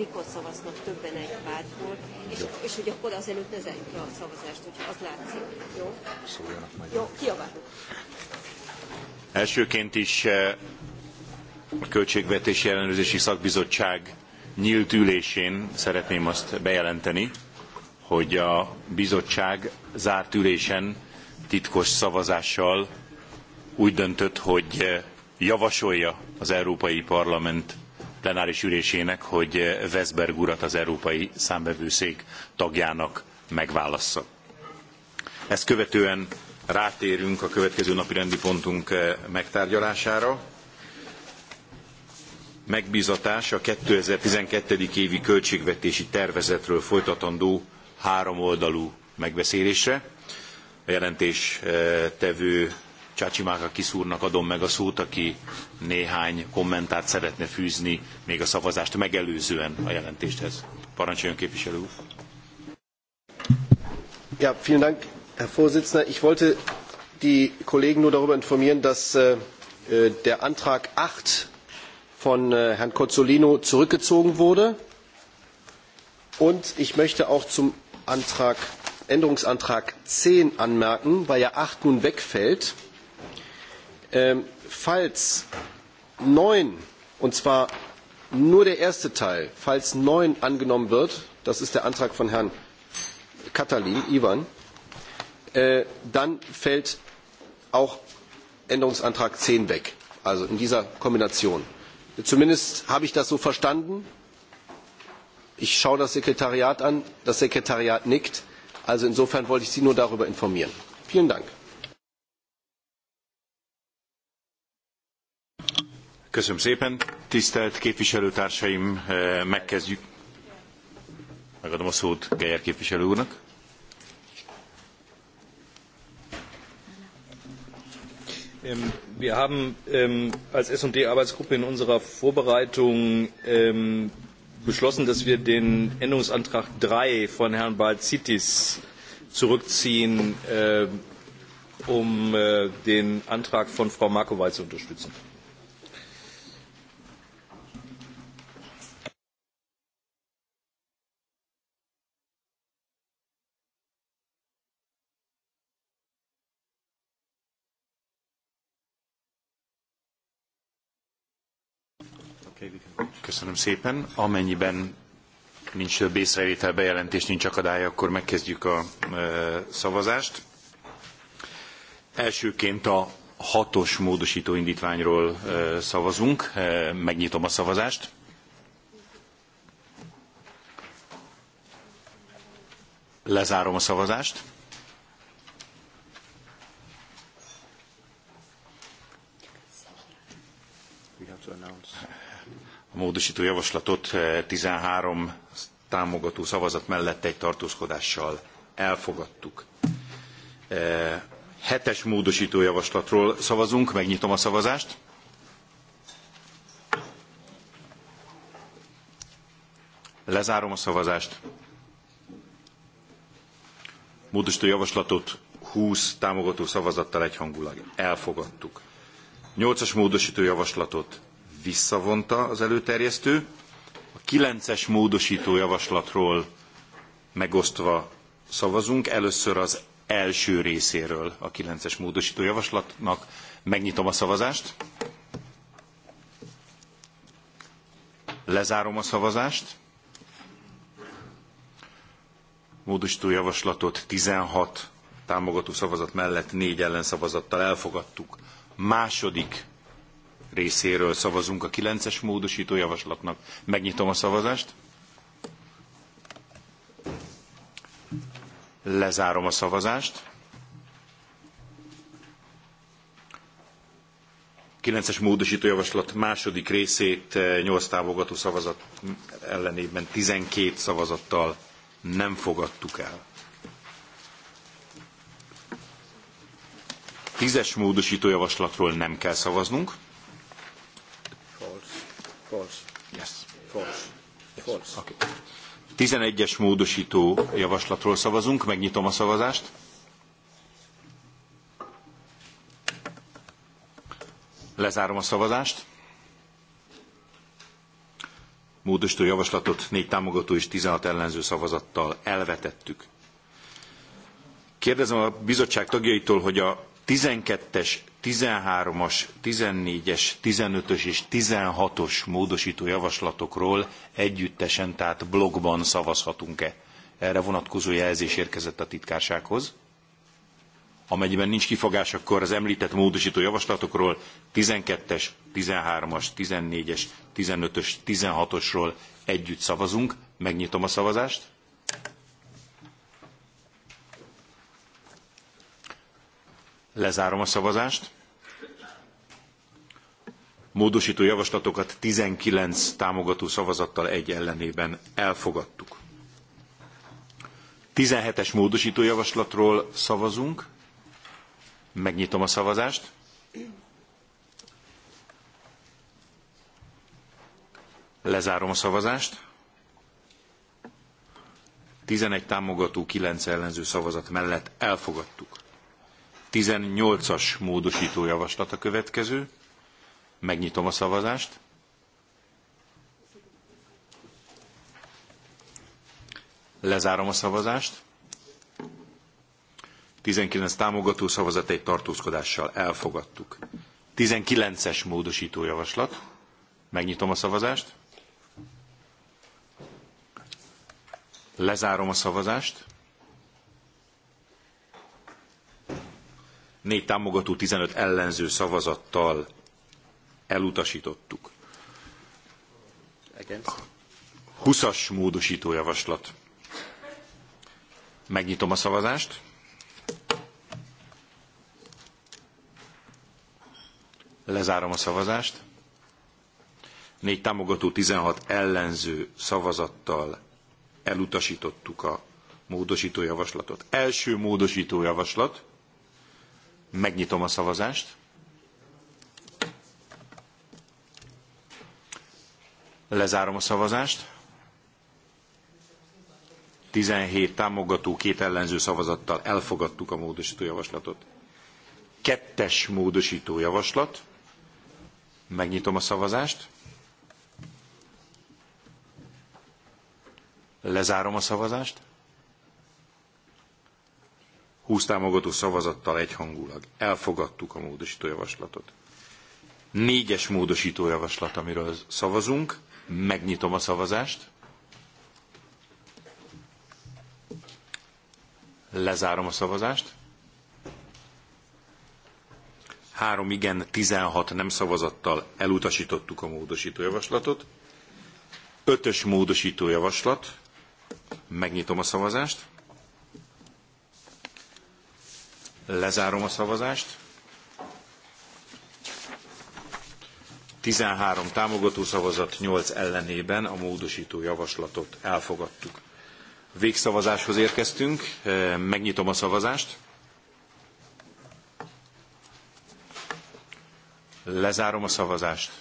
mikor szavaznak többen egy pártból, és, és hogy akkor az előtt ne zárjuk ki a szavazást, hogy az látszik. Jó? Jó, kiabálok. Elsőként is eh, a Költségvetési Ellenőrzési Szakbizottság nyílt ülésén szeretném azt bejelenteni, hogy a bizottság zárt ülésen titkos szavazással úgy döntött, hogy eh, javasolja az Európai Parlament plenáris ülésének, hogy eh, Veszberg urat az Európai Számbevőszék tagjának megválassza. Ezt követően rátérünk a következő napi rendi pontunk eh, megtárgyalására. Megbízatás a 2012. évi költségvetési tervezetről folytatandó háromoldalú megbeszélésre. A jelentés eh, tevő csácsimák, aki szúrnak, adom meg a szót, aki néhány kommentárt szeretne fűzni még a szavazást megelőzően a jelentésthez. Parancsoljon képviselő úr! Ja, vielen Dank, Herr Vorsitzender. Ich wollte die Kollegen nur darüber informieren, dass äh, der Antrag 8 von äh, Herrn Cozzolino zurückgezogen wurde. Und ich möchte auch zum Antrag, Änderungsantrag 10 anmerken, weil ja 8 nun wegfällt. Ähm, falls neun und zwar nur der erste Teil, falls neun angenommen wird, das ist der Antrag von Herrn Katalin, Ivan, äh, dann fällt auch Änderungsantrag 10 weg, also in dieser Kombination. Zumindest habe ich das so verstanden. Ich schaue das Sekretariat an, das Sekretariat nickt. Also insofern wollte ich Sie nur darüber informieren. Vielen Dank. Köszönöm szépen. Tisztelt képviselőtársaim, eh, megkezdjük. Megadom a szót Geyer képviselő úrnak. Ähm, wir haben ähm, als S&D-Arbeitsgruppe in unserer Vorbereitung ähm, beschlossen, dass wir den Änderungsantrag 3 von Herrn Balzitis zurückziehen, äh, um äh, den Antrag von Frau Markowal zu unterstützen. Köszönöm szépen. Amennyiben nincs több észrevétel, bejelentés, nincs akadály, akkor megkezdjük a e, szavazást. Elsőként a hatos módosító indítványról e, szavazunk. E, megnyitom a szavazást. Lezárom a szavazást. A módosító javaslatot 13 eh, támogató szavazat mellett egy tartózkodással elfogadtuk. Eh, hetes módosító javaslatról szavazunk, megnyitom a szavazást. Lezárom a szavazást. Módosító javaslatot 20 támogató szavazattal egyhangulag elfogadtuk. Nyolcas módosító javaslatot visszavonta az előterjesztő. A kilences módosító javaslatról megosztva szavazunk. Először az első részéről a kilences módosító javaslatnak. Megnyitom a szavazást. Lezárom a szavazást. Módosító javaslatot 16 támogató szavazat mellett négy ellenszavazattal elfogadtuk. Második részéről szavazunk a 9-es módosító javaslatnak. Megnyitom a szavazást. Lezárom a szavazást. 9-es módosító javaslat második részét 8 eh, támogató szavazat ellenében 12 szavazattal nem fogadtuk el. 10-es módosító javaslatról nem kell szavaznunk. False. Yes. False. False. Okay. 11-es módosító javaslatról szavazunk, megnyitom a szavazást. Lezárom a szavazást. Módosító javaslatot 4 támogató és 16 ellenző szavazattal elvetettük. Kérdezem a bizottság tagjaitól, hogy a 12-es, 13-as, 14-es, 15-ös és 16-os módosító javaslatokról együttesen, tehát blogban szavazhatunk-e? Erre vonatkozó jelzés érkezett a titkársághoz. Amennyiben nincs kifogás, akkor az említett módosító javaslatokról 12-es, 13-as, 14-es, 15-ös, 16-osról együtt szavazunk. Megnyitom a szavazást. Lezárom a szavazást. Módosító javaslatokat 19 támogató szavazattal egy ellenében elfogadtuk. 17-es módosító javaslatról szavazunk. Megnyitom a szavazást. Lezárom a szavazást. 11 támogató, 9 ellenző szavazat mellett elfogadtuk. 18-as módosító javaslat a következő. Megnyitom a szavazást. Lezárom a szavazást. 19 támogató szavazat egy tartózkodással elfogadtuk. 19-es módosító javaslat. Megnyitom a szavazást. Lezárom a szavazást. négy támogató, 15 ellenző szavazattal elutasítottuk. 20-as módosító javaslat. Megnyitom a szavazást. Lezárom a szavazást. Négy támogató, 16 ellenző szavazattal elutasítottuk a módosító javaslatot. Első módosító javaslat. Megnyitom a szavazást. Lezárom a szavazást. 17 támogató, két ellenző szavazattal elfogadtuk a módosító javaslatot. Kettes módosító javaslat. Megnyitom a szavazást. Lezárom a szavazást. 20 támogató szavazattal egyhangulag elfogadtuk a módosító javaslatot. Négyes módosító javaslat, amiről szavazunk. Megnyitom a szavazást. Lezárom a szavazást. Három igen, 16 nem szavazattal elutasítottuk a módosító javaslatot. Ötös módosító javaslat. Megnyitom a szavazást. Lezárom a szavazást. 13 támogató szavazat, 8 ellenében a módosító javaslatot elfogadtuk. Végszavazáshoz érkeztünk, megnyitom a szavazást. Lezárom a szavazást.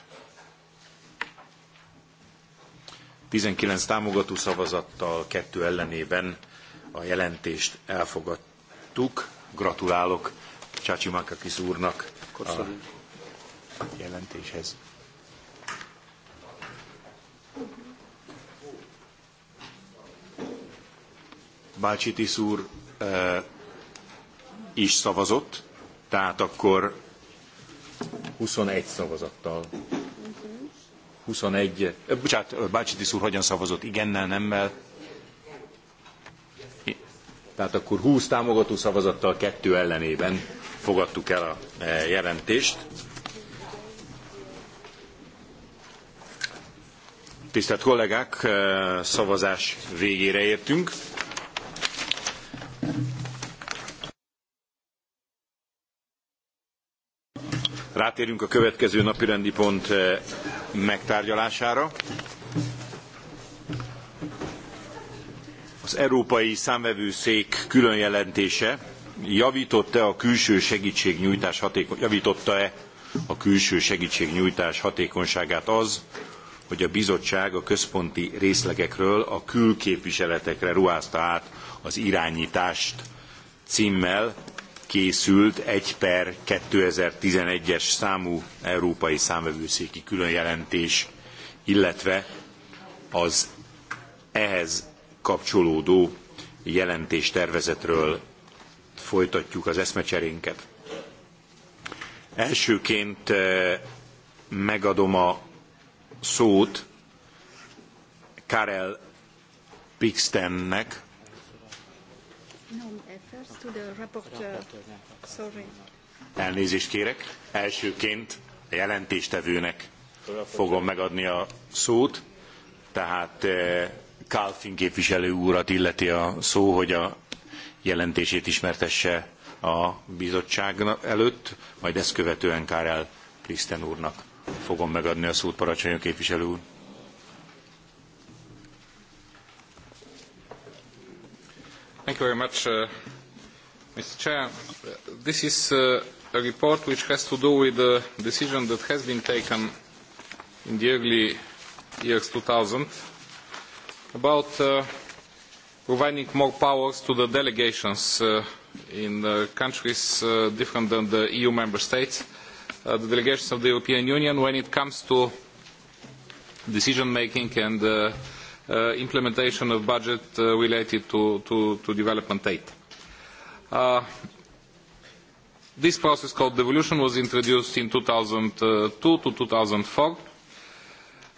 19 támogató szavazattal, 2 ellenében a jelentést elfogadtuk gratulálok Csácsi Makakis úrnak a jelentéshez. Bácsitis úr e, is szavazott, tehát akkor 21 szavazattal. 21, mhm. eh, bocsánat, Bácsitis úr hogyan szavazott? Igennel, nemmel? tehát akkor 20 támogató szavazattal kettő ellenében fogadtuk el a e, jelentést. Tisztelt kollégák, e, szavazás végére értünk. Rátérünk a következő napirendi pont e, megtárgyalására. az európai számvevőszék különjelentése javított e a külső segítségnyújtás hatékony, javította e a külső segítségnyújtás hatékonyságát az, hogy a bizottság a központi részlegekről a külképviseletekre ruházta át az irányítást címmel készült 1 per 2011-es számú európai számvevőszéki különjelentés, illetve az ehhez kapcsolódó jelentéstervezetről folytatjuk az eszmecserénket. Elsőként eh, megadom a szót Karel Pixtennek. Elnézést kérek. Elsőként a jelentéstevőnek fogom megadni a szót. Tehát eh, Kálfin képviselő úrat illeti a szó, hogy a jelentését ismertesse a bizottság előtt, majd ezt követően Kárel Priszten úrnak fogom megadni a szót, Paracsonyi képviselő úr. Thank you very much, uh, Mr. Chair. This is uh, a report which has to do with the decision that has been taken in the early years 2000 about uh, providing more powers to the delegations uh, in uh, countries uh, different than the EU member states, uh, the delegations of the European Union when it comes to decision-making and uh, uh, implementation of budget uh, related to, to, to development aid. Uh, this process called devolution was introduced in 2002 to 2004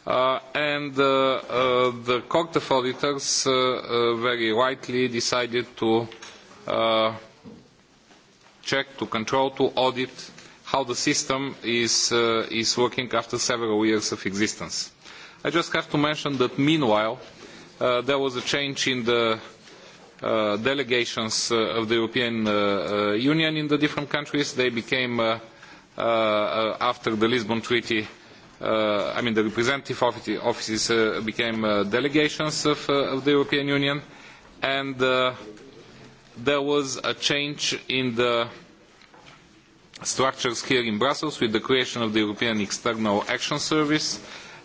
Uh, and uh, uh, the court of auditors uh, uh, very rightly decided to uh, check, to control, to audit how the system is, uh, is working after several years of existence. I just have to mention that meanwhile uh, there was a change in the uh, delegations uh, of the European uh, uh, Union in the different countries. They became, uh, uh, uh, after the Lisbon Treaty, uh, uh, I mean the representative office, offices uh, became uh, delegations of, uh, of the European Union and uh, there was a change in the structures here in Brussels with the creation of the European External Action Service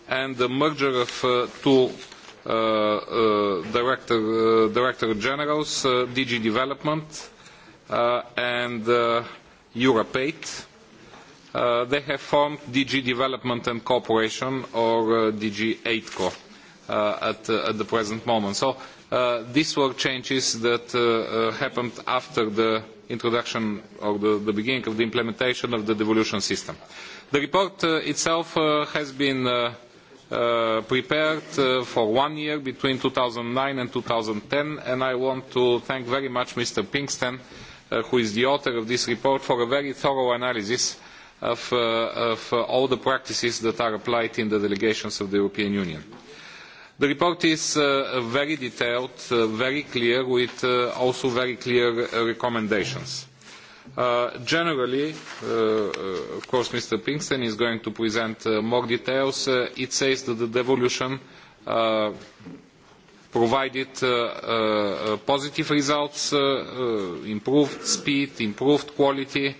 and the merger of uh, two uh, uh, director, uh, director generals, uh, DG Development uh, and uh, Europate. Uh, Uh, they have formed DG Development and Cooperation, or uh, DG AIDCO, uh, at, uh, at the present moment. So uh, these were changes that uh, uh, happened after the introduction or the, the beginning of the implementation of the devolution system. The report uh, itself uh, has been uh, uh, prepared uh, for one year between 2009 and 2010 and I want to thank very much Mr. Pinkston uh, who is the author of this report for a very thorough analysis uh, of, uh, of uh, all the practices that are applied in the delegations of the European Union. The report is uh, very detailed, uh, very clear, with uh, also very clear uh, recommendations. Uh, generally, uh, uh of course, Mr. Pinkston is going to present uh, more details. Uh, it says that the devolution uh, provided uh, uh, uh positive results, uh, uh, improved speed, improved quality, uh,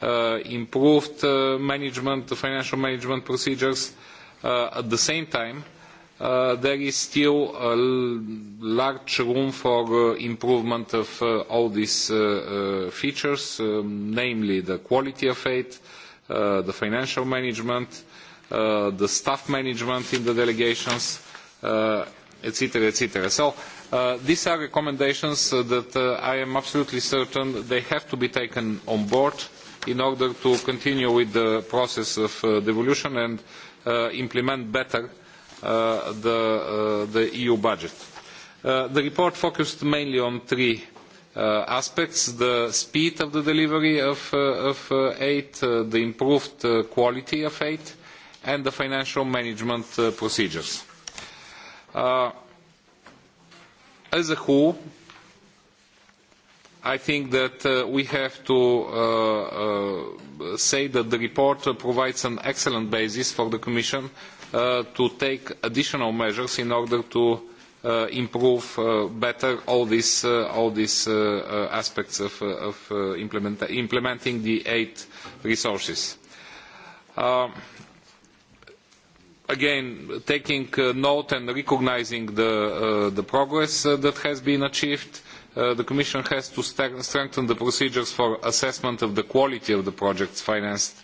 Uh, improved uh, management, the financial management procedures. Uh, at the same time, uh, there is still a large room for uh, improvement of uh, all these uh, uh, features, um, namely the quality of aid, uh, the financial management, uh, the staff management in the delegations, etc., uh, etc. Et so uh, these are recommendations uh, that uh, I am absolutely certain they have to be taken on board in order to continue with the process of uh, devolution and uh, implement better uh, the, uh, the EU budget. Uh, the report focused mainly on three uh, aspects, the speed of the delivery of, uh, of uh, aid, uh, the improved uh, quality of aid, and the financial management uh, procedures. Uh, as a whole, I think that uh, we have to uh, uh, say that the report uh, provides an excellent basis for the Commission uh, to take additional measures in order to uh, improve uh, better all these uh, all these uh, uh, aspects of, uh, of uh, implement implementing the eight resources. Um, again, taking uh, note and recognizing the uh, the progress uh, that has been achieved. Uh, the commission has to strengthen the procedures for assessment of the quality of the projects financed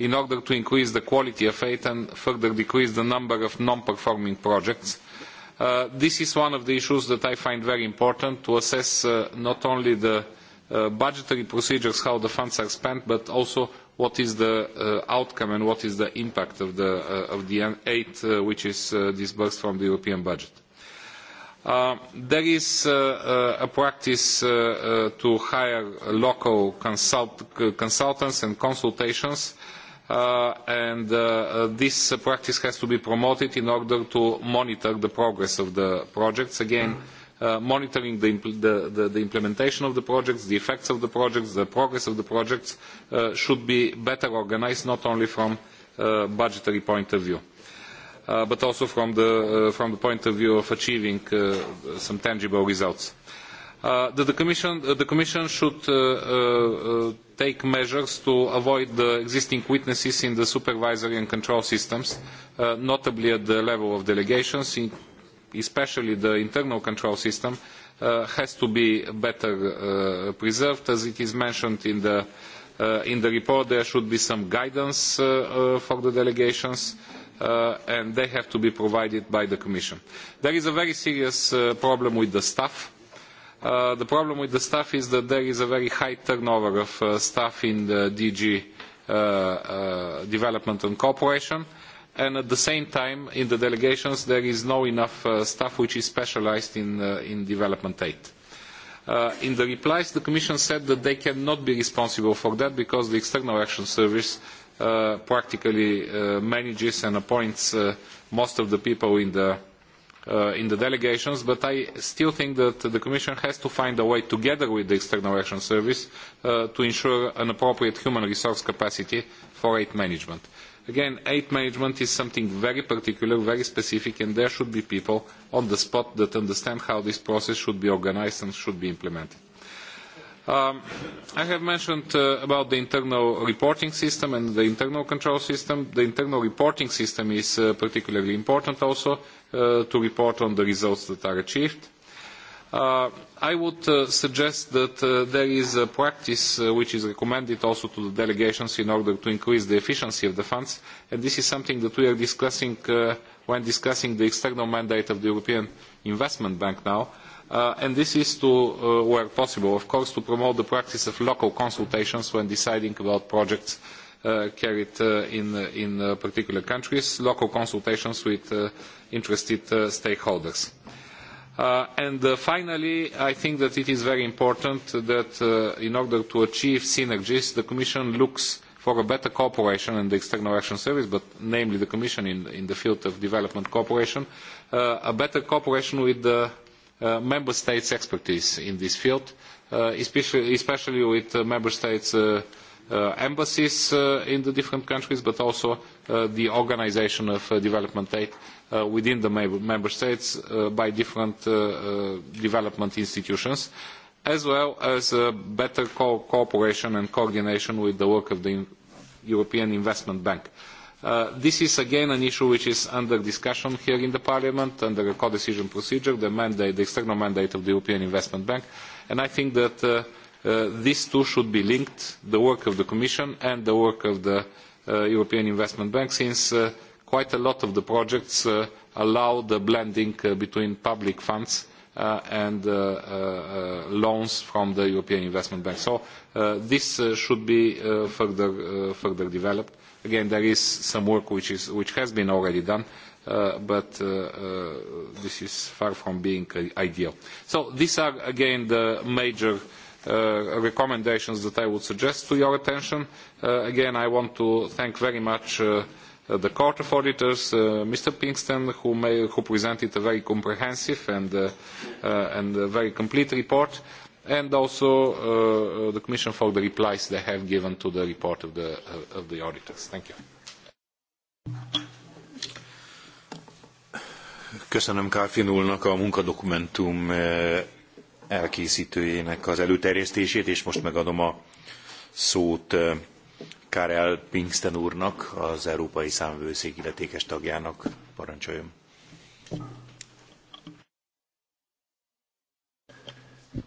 in order to increase the quality of aid and further decrease the number of non-performing projects. Uh, this is one of the issues that I find very important to assess uh, not only the uh, budgetary procedures, how the funds are spent, but also what is the uh, outcome and what is the impact of the, uh, of the aid uh, which is uh, disbursed from the European budget. Uh, there is uh, uh, a practice to hire local consultants and consultations and this practice has to be promoted in order to monitor the progress of the projects again mm. monitoring the implementation of the projects the effects of the projects the progress of the projects should be better organised not only from a budgetary point of view. Uh, but also from the, uh, from the point of view of achieving uh, some tangible results. Uh, the, the, commission, uh, the Commission should uh, uh, uh, take measures to avoid the existing weaknesses in the supervisory and control systems, uh, notably at the level of delegations, in, especially the internal control system, uh, has to be better uh, preserved. As it is mentioned in the, uh, in the report, there should be some guidance uh, uh, for the delegations. Uh, Uh, and they have to be provided by the commission. there is a very serious uh, problem with the staff. Uh, the problem with the staff is that there is a very high turnover of staff in the dg development and cooperation and at the same time in the delegations there is not enough staff which is specialised in development aid. Uh, in the replies, the Commission said that they cannot be responsible for that because the External Action Service uh, Uh, practically uh, manages and appoints uh, most of the people in the uh, in the delegations, but I still think that the Commission has to find a way, together with the External Action Service, uh, to ensure an appropriate human resource capacity for aid management. Again, aid management is something very particular, very specific, and there should be people on the spot that understand how this process should be organized and should be implemented. Um, i have mentioned uh, about the internal reporting system and the internal control system. the internal reporting system is uh, particularly important also uh, to report on the results that are achieved. Uh, i would uh, suggest that uh, there is a practice uh, which is recommended also to the delegations in order to increase the efficiency of the funds. and this is something that we are discussing uh, when discussing the external mandate of the European Investment Bank now, uh, and this is to, uh, where possible, of course, to promote the practice of local consultations when deciding about projects uh, carried uh, in, uh, in uh, particular countries, local consultations with uh, interested uh, stakeholders. Uh, and uh, finally, I think that it is very important that uh, in order to achieve synergies, the Commission looks uh, for a better cooperation in the External Action Service, but namely the Commission in, in the field of development cooperation, uh, a better cooperation with the uh, member states' expertise in this field, uh, especially, especially with uh, member states' uh, uh, embassies uh, in the different countries, but also uh, the organization of uh, development aid uh, within the member states uh, by different uh, uh, development institutions. Uh, as well as uh, better co cooperation and coordination with the work of the in European Investment Bank. Uh, this is again an issue which is under discussion here in the Parliament under a co-decision procedure, the, mandate, the external mandate of the European Investment Bank, and I think that uh, uh, these two should be linked, the work of the Commission and the work of the uh, European Investment Bank, since uh, quite a lot of the projects uh, allow the blending uh, between public funds uh, Uh, and uh, uh, loans from the European Investment Bank. This should be further developed. Again, there is some work which has been already done, but this is far from being ideal. These are, again, the major recommendations that I would suggest to your attention. Again, I want to thank very much Uh, the court of auditors, uh, Mr. Pinkston, who, may, who presented a very comprehensive and, uh, uh, and a very complete report, and also uh, uh, the Commission for the replies they have given to the report of the, uh, of the auditors. Thank you. Köszönöm Káfin úrnak a munkadokumentum uh, elkészítőjének az előterjesztését, és most megadom a szót Karel Pinkston úrnak, az Európai Számvőszék illetékes tagjának parancsoljon.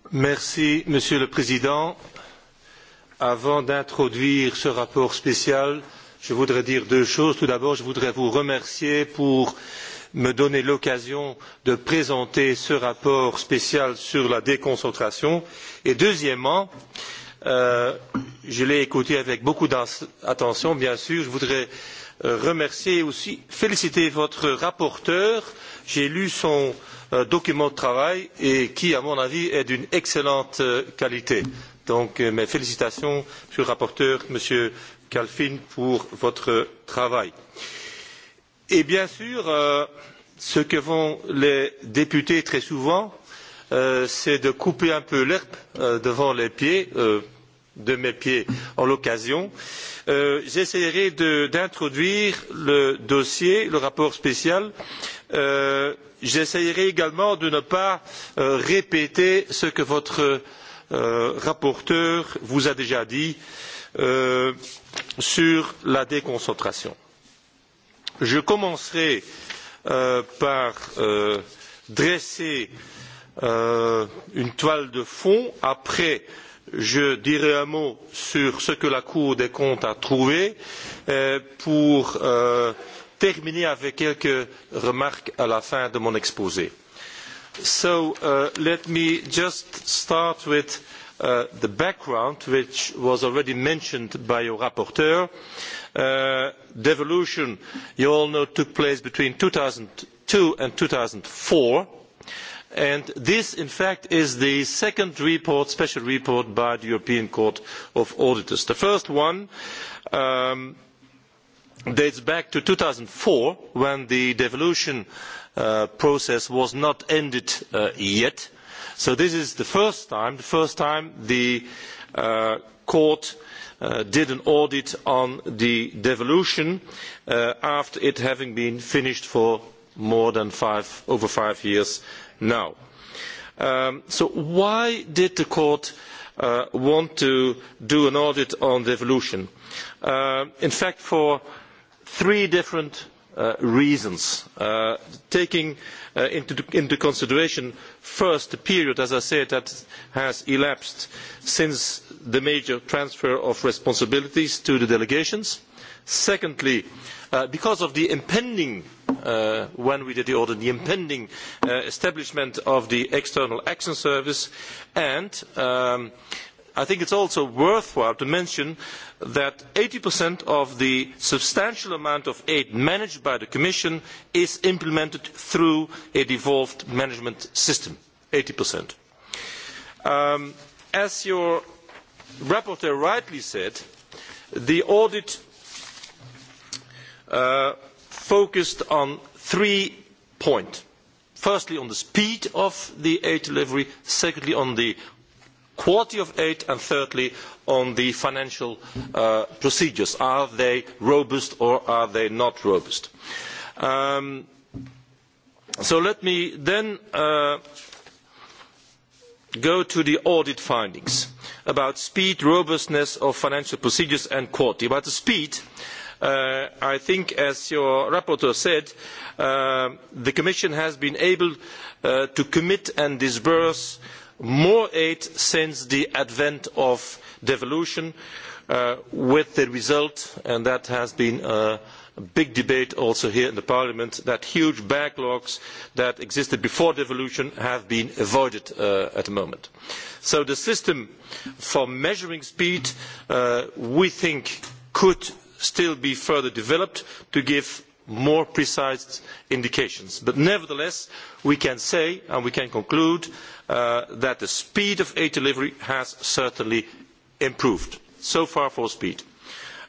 Merci, Monsieur le Président. Avant d'introduire ce rapport spécial, je voudrais dire deux choses. Tout d'abord, je voudrais vous remercier pour me donner l'occasion de présenter ce rapport spécial sur la déconcentration. Et deuxièmement, Euh, je l'ai écouté avec beaucoup d'attention, bien sûr. Je voudrais euh, remercier et aussi féliciter votre rapporteur. J'ai lu son euh, document de travail et qui, à mon avis, est d'une excellente euh, qualité. Donc, euh, mes félicitations, Monsieur le rapporteur, Monsieur Calfin, pour votre travail. Et bien sûr, euh, ce que font les députés très souvent, euh, c'est de couper un peu l'herbe euh, devant les pieds, euh, de mes pieds en l'occasion euh, j'essaierai d'introduire le dossier le rapport spécial. Euh, j'essaierai également de ne pas euh, répéter ce que votre rapporteur vous a déjà dit sur la déconcentration. je commencerai par dresser une toile de fond après je dirai un mot sur ce que la Cour des comptes a trouvé euh, pour euh, terminer avec quelques remarques à la fin de mon exposé. So uh, let me just start with uh, the background which was already mentioned by your rapporteur. Uh, devolution, you all know, took place between 2002 and 2004 this in fact is the second special report by the european court of auditors. the first one um, dates back to two thousand and four when the devolution uh, process was not ended uh, yet so this is the first time the first time the uh, court did an audit on the devolution after it having been finished for more than five over five years now. Um, so why did the court uh, want to do an audit on devolution? Uh, in fact for three different uh, reasons taking into consideration first the period as i said that has elapsed since the major transfer of responsibilities to the delegations Secondly, uh, because of the impending, uh, when we did the audit, the impending uh, establishment of the External Action Service, and um, I think it's also worthwhile to mention that 80% of the substantial amount of aid managed by the Commission is implemented through a devolved management system, 80%. Um, as your rapporteur rightly said, the audit Uh, focused on three points firstly on the speed of the aid delivery secondly on the quality of aid and thirdly on the financial uh, procedures are they robust or are they not robust um, so let me then uh, go to the audit findings about speed robustness of financial procedures and quality about the speed uh, Uh, i think as your rapporteur said uh, the commission has been able uh, to commit and disburse more aid since the advent of devolution with the result and that has been a big debate also here in parliament that huge backlogs that existed before devolution have been avoided at the moment. so the system for measuring speed we think could still be further developed to give more precise indications but nevertheless we can say and we can conclude uh, that the speed of aid delivery has certainly improved. so far for speed.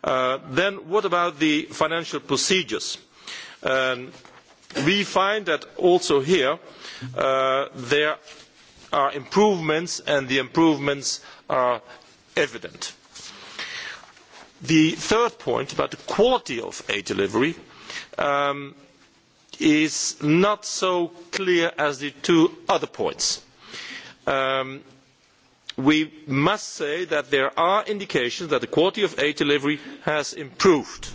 Uh, then what about the financial procedures? Um, we find that also here uh, there are improvements and the improvements are evident. The third point about the quality of a delivery um, is not so clear as the two other points. Um, we must say that there are indications that the quality of a delivery has improved.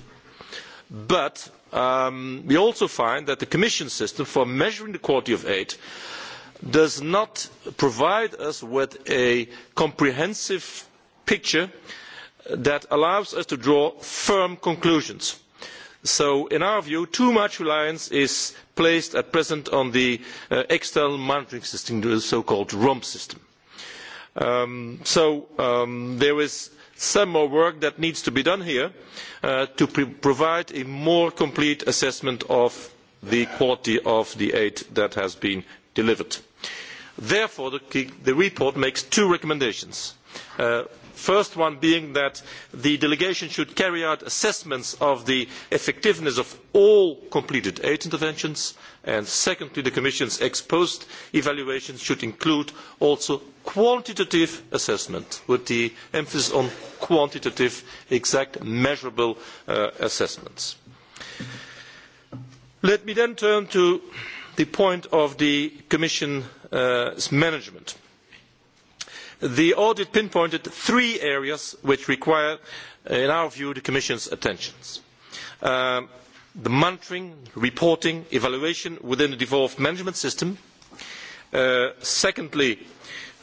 Um, we also find that the commission system for measuring the quality of aid does not provide us with a comprehensive picture that allows us to draw firm conclusions. so in our view too much reliance is placed at present on the uh, external monitoring system the so called romp system. Um, so um, there is some more work that needs to be done here uh, to provide a more complete assessment of the quality of the aid that has been delivered. therefore the report makes two recommendations uh, first one being that the delegation should carry out assessments of the effectiveness of all completed aid interventions and secondly the commission's ex post evaluations should include also quantitative assessment with the emphasis on quantitative exact measurable uh, assessments. Let me then turn to the point of the commission's uh, management. Uh, the audit pinpointed three areas which require uh, in our view the commission's attention um, monitoring reporting and evaluation within the devolved management system uh, secondly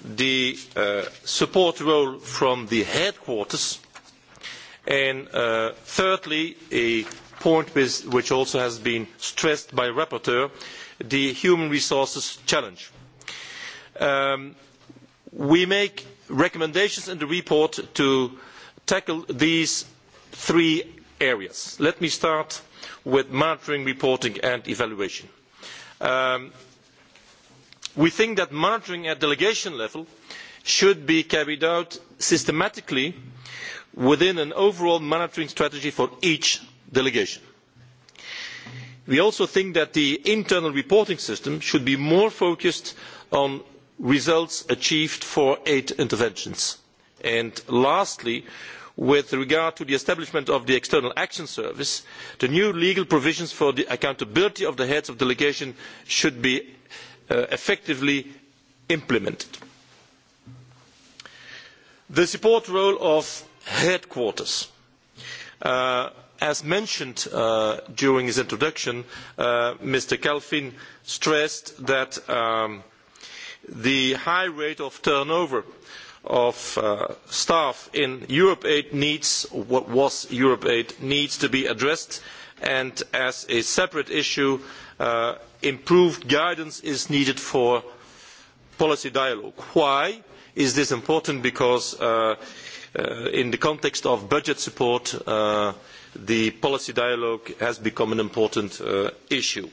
the uh, support role from the headquarters and thirdly a point which also has been stressed by the rapporteur the human resources challenge. Um, we make recommendations in the report to tackle these three areas. let me start with monitoring reporting and evaluation. Um, we think that monitoring at delegation level should be carried out systematically within an overall monitoring strategy for each delegation. we also think that the internal reporting system should be more focused on results achieved for eight interventions. lastly with regard to the establishment of the external action service the new legal provisions for the accountability of the heads of delegation should be uh, effectively implemented. the support role of headquarters uh, as mentioned uh, during his introduction mr kalfin stressed that um, the high rate of turnover of uh, staff in europeaid needs what was europeaid needs to be addressed and as a separate issue uh, improved guidance is needed for policy dialogue. why is this important? because uh, in the context of budget support the policy dialogue has become an important issue.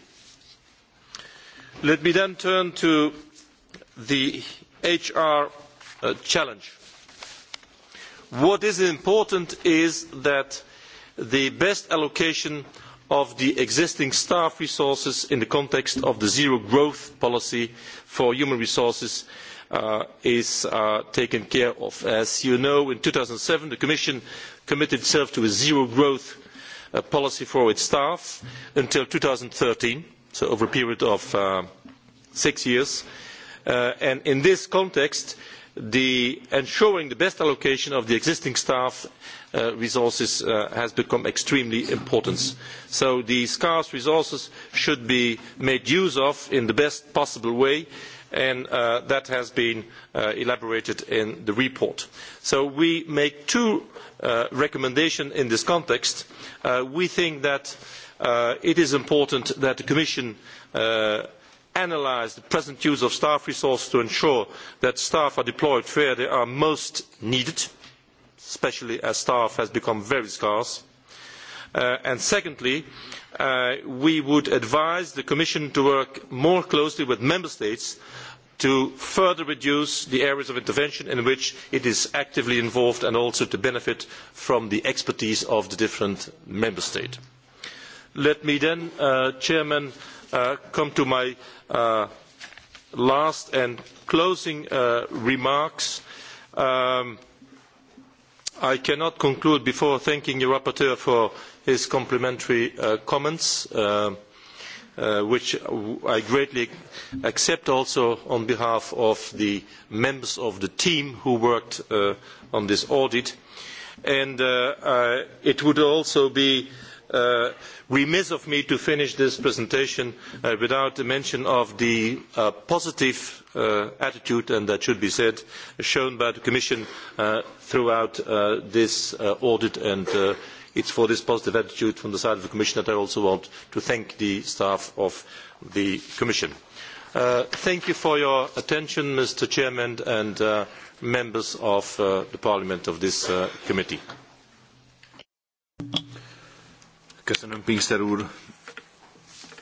let me then turn the hr uh, challenge what is important is that the best allocation of the existing staff resources in the context of the zero growth policy for human resources uh, is uh, taken care of. As you know, in 2007, the Commission committed itself to a zero growth uh, policy for its staff until 2013, so over a period of uh, six years. Uh, Uh, and in this context ensuring the best allocation of the existing staff uh, resources uh, has become extremely important. so the scarce resources should be made use of in the best possible way and that has been elaborated in the report. so we make two recommendations in this context. we think that it is important that the commission analyse the present use of staff resources to ensure that staff are deployed where they are most needed especially as staff has become very scarce uh, and secondly uh, we would advise the commission to work more closely with member states to further reduce the areas of intervention in which it is actively involved and also to benefit from the expertise of the different member states. Let me then, uh, Chairman, uh, Uh, come to my uh, last and closing uh, remarks. Um, I cannot conclude before thanking the rapporteur for his complimentary comments, which I greatly accept also on behalf of the members of the team who worked on this audit. It would also be remiss uh, of me to finish this presentation uh, without a mention of the uh, positive attitude and that should be said shown by the commission throughout this audit and it is for this positive attitude from the side of the commission that i also want to thank the staff of the commission. thank you for your attention mr chairman and members of the parliament of this committee. Köszönöm Pinkster úr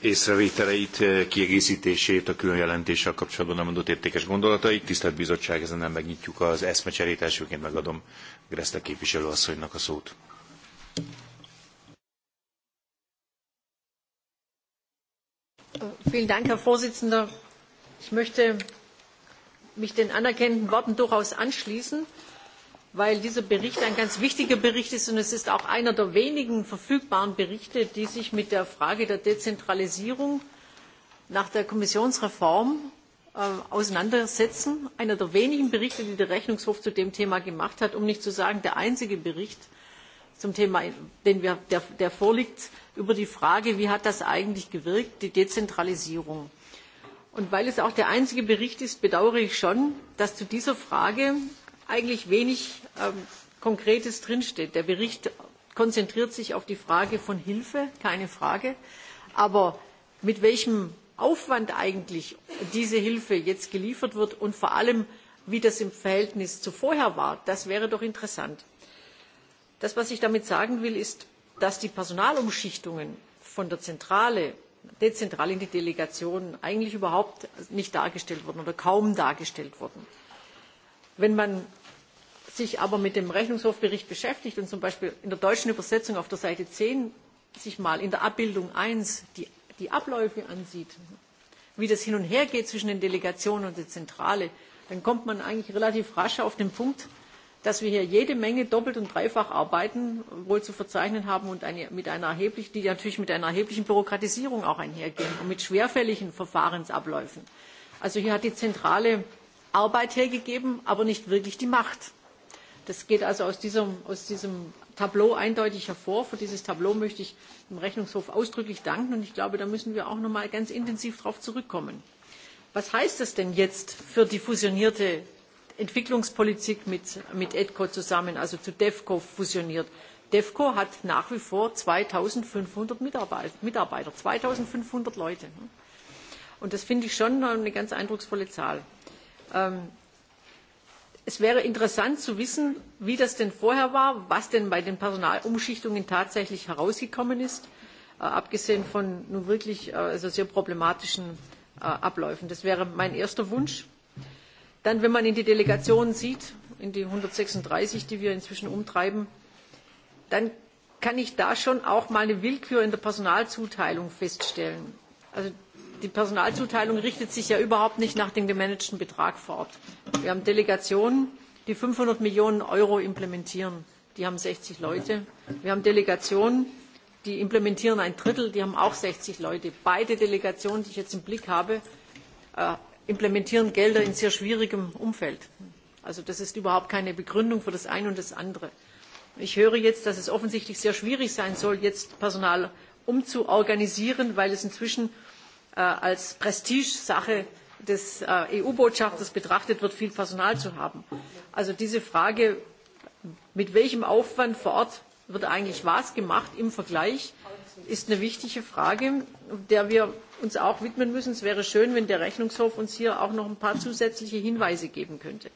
észrevételeit, eh, kiegészítését, a külön jelentéssel kapcsolatban nem mondott értékes gondolatait. Tisztelt Bizottság, ezen nem megnyitjuk az eszmecserét. Elsőként megadom Greszle képviselőasszonynak a szót. Vielen Dank, Herr Vorsitzender. Ich möchte mich den anerkennenden Worten durchaus anschließen weil dieser Bericht ein ganz wichtiger Bericht ist und es ist auch einer der wenigen verfügbaren Berichte, die sich mit der Frage der Dezentralisierung nach der Kommissionsreform äh, auseinandersetzen. Einer der wenigen Berichte, die der Rechnungshof zu dem Thema gemacht hat, um nicht zu sagen der einzige Bericht zum Thema, den wir, der, der vorliegt, über die Frage, wie hat das eigentlich gewirkt, die Dezentralisierung. Und weil es auch der einzige Bericht ist, bedauere ich schon, dass zu dieser Frage eigentlich wenig ähm, Konkretes drinsteht. Der Bericht konzentriert sich auf die Frage von Hilfe, keine Frage. Aber mit welchem Aufwand eigentlich diese Hilfe jetzt geliefert wird und vor allem, wie das im Verhältnis zu vorher war, das wäre doch interessant. Das, was ich damit sagen will, ist, dass die Personalumschichtungen von der Zentrale dezentral in die Delegation eigentlich überhaupt nicht dargestellt wurden oder kaum dargestellt wurden. Wenn man sich aber mit dem Rechnungshofbericht beschäftigt und zum Beispiel in der deutschen Übersetzung auf der Seite 10 sich mal in der Abbildung 1 die, die Abläufe ansieht, wie das hin und her geht zwischen den Delegationen und der Zentrale, dann kommt man eigentlich relativ rasch auf den Punkt, dass wir hier jede Menge doppelt und dreifach arbeiten wohl zu verzeichnen haben und eine, mit einer erheblichen, die natürlich mit einer erheblichen Bürokratisierung auch einhergehen und mit schwerfälligen Verfahrensabläufen. Also hier hat die Zentrale äh, Arbeit hergegeben, aber nicht wirklich die Macht. Das geht also aus diesem, aus diesem Tableau eindeutig hervor. Für dieses Tableau möchte ich dem Rechnungshof ausdrücklich danken. Und ich glaube, da müssen wir auch noch mal ganz intensiv darauf zurückkommen. Was heißt das denn jetzt für die fusionierte Entwicklungspolitik mit, mit EDCO zusammen, also zu DEFCO fusioniert? DEFCO hat nach wie vor 2.500 Mitarbeiter, 2.500 Leute. Und das finde ich schon eine ganz eindrucksvolle Zahl. Ähm, es wäre interessant zu wissen, wie das denn vorher war, was denn bei den Personalumschichtungen tatsächlich herausgekommen ist, äh, abgesehen von nun wirklich äh, also sehr problematischen äh, Abläufen. Das wäre mein erster Wunsch. Dann, wenn man in die Delegationen sieht, in die 136, die wir inzwischen umtreiben, dann kann ich da schon auch mal eine Willkür in der Personalzuteilung feststellen. Also die personalzuteilung richtet sich ja überhaupt nicht nach dem gemanagten betrag vor ort. wir haben delegationen die fünfhundert millionen euro implementieren die haben sechzig leute. wir haben delegationen die implementieren ein drittel die haben auch sechzig leute. beide delegationen die ich jetzt im blick habe äh, implementieren gelder in sehr schwierigem umfeld. also das ist überhaupt keine begründung für das eine und das andere. ich höre jetzt dass es offensichtlich sehr schwierig sein soll jetzt personal umzuorganisieren weil es inzwischen Äh, als prestigesache des äh, eu botschafters betrachtet wird viel personal zu haben. also diese frage mit welchem aufwand vor ort wird eigentlich was gemacht im vergleich ist eine wichtige frage der wir uns auch widmen müssen. es wäre schön wenn der rechnungshof uns hier auch noch ein paar zusätzliche hinweise geben könnte.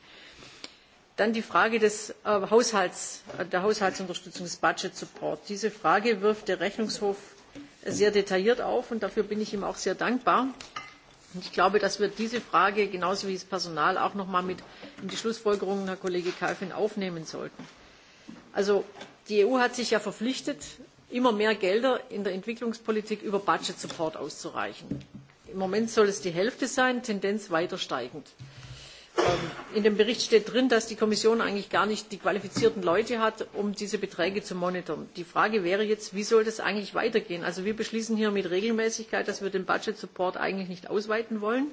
dann die frage des äh, haushalts der haushaltsunterstützung des budget support. diese frage wirft der rechnungshof sehr detailliert auf, und dafür bin ich ihm auch sehr dankbar. Ich glaube, dass wir diese Frage genauso wie das Personal auch noch einmal mit in die Schlussfolgerungen, Herr Kollege Kalfin, aufnehmen sollten. Also die EU hat sich ja verpflichtet, immer mehr Gelder in der Entwicklungspolitik über Budget Support auszureichen. Im Moment soll es die Hälfte sein, Tendenz weiter steigend. Ähm, in dem Bericht steht drin, dass die Kommission eigentlich gar nicht die qualifizierten Leute hat, um diese Beträge zu monitoren. Die Frage wäre jetzt, wie soll das eigentlich weitergehen? Also wir beschließen hier mit Regelmäßigkeit, dass wir den Budget Support eigentlich nicht ausweiten wollen.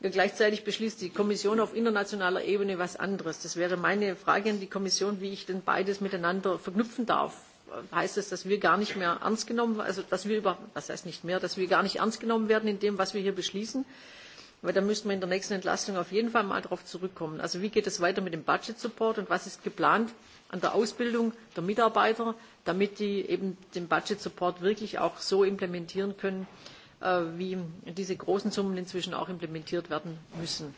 Ja, gleichzeitig beschließt die Kommission auf internationaler Ebene was anderes. Das wäre meine Frage an die Kommission, wie ich denn beides miteinander verknüpfen darf. Heißt das, dass wir gar nicht mehr ernst genommen, also dass wir über, was heißt nicht mehr, dass wir gar nicht ernst genommen werden in dem, was wir hier beschließen? weil da müssen wir in der nächsten Entlastung auf jeden Fall mal darauf zurückkommen. Also wie geht es weiter mit dem Budget Support und was ist geplant an der Ausbildung der Mitarbeiter, damit die eben den Budget Support wirklich auch so implementieren können, äh, wie diese großen Summen inzwischen auch implementiert werden müssen.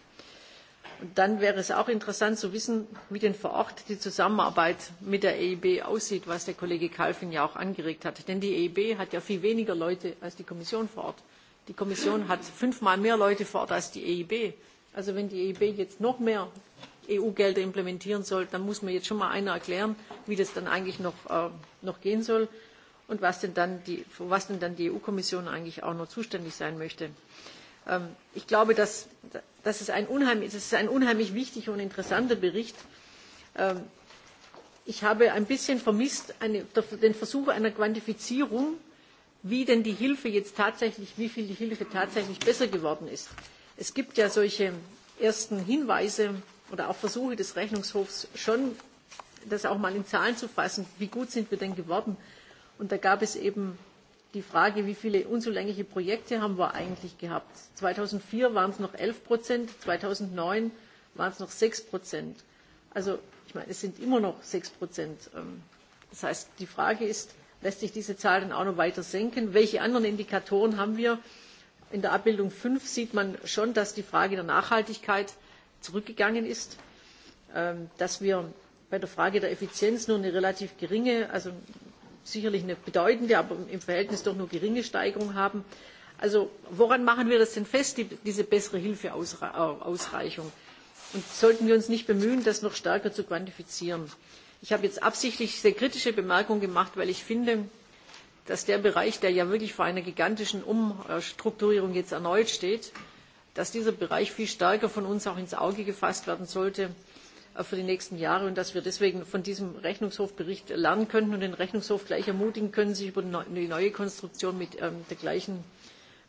Und dann wäre es auch interessant zu wissen, wie denn vor Ort die Zusammenarbeit mit der EIB aussieht, was der Kollege Kalfin ja auch angeregt hat. Denn die EIB hat ja viel weniger Leute als die Kommission vor Ort die kommission hat fünfmal mehr leute vor ort als die eib. also wenn die eib jetzt noch mehr eu gelder implementieren soll dann muss mir jetzt schon mal einer erklären wie das dann eigentlich noch äh, gehen soll und für was denn dann die eu kommission eigentlich auch noch zuständig sein möchte. Ähm, ich glaube das ist ein unheimlich, ist ein unheimlich wichtiger und interessanter bericht. Ähm, ich habe ein bisschen vermisst den versuch einer quantifizierung wie denn die Hilfe jetzt tatsächlich, wie viel die Hilfe tatsächlich besser geworden ist. Es gibt ja solche ersten Hinweise oder auch Versuche des Rechnungshofs schon, das auch mal in Zahlen zu fassen, wie gut sind wir denn geworden. Und da gab es eben die Frage, wie viele unzulängliche Projekte haben wir eigentlich gehabt. 2004 waren es noch 11 Prozent, 2009 waren es noch 6 Prozent. Also ich meine, es sind immer noch 6 Prozent. Ähm, das heißt, die Frage ist, lässt sich diese Zahl dann auch noch weiter senken. Welche anderen Indikatoren haben wir? In der Abbildung 5 sieht man schon, dass die Frage der Nachhaltigkeit zurückgegangen ist, ähm, dass wir bei der Frage der Effizienz nur eine relativ geringe, also sicherlich eine bedeutende, aber im Verhältnis doch nur geringe Steigerung haben. Also woran machen wir das denn fest, die, diese bessere Hilfeausreichung? Und sollten wir uns nicht bemühen, das noch stärker zu quantifizieren? ich habe jetzt absichtlich sehr kritische bemerkungen gemacht weil ich finde dass der bereich der ja wirklich vor einer gigantischen umstrukturierung jetzt erneut steht viel stärker von uns auch ins auge gefasst werden sollte äh, für die nächsten jahre und dass wir deswegen von diesem rechnungshofbericht lernen könnten und den rechnungshof gleich ermutigen können sich über die neue konstruktion mit ähm, der gleichen,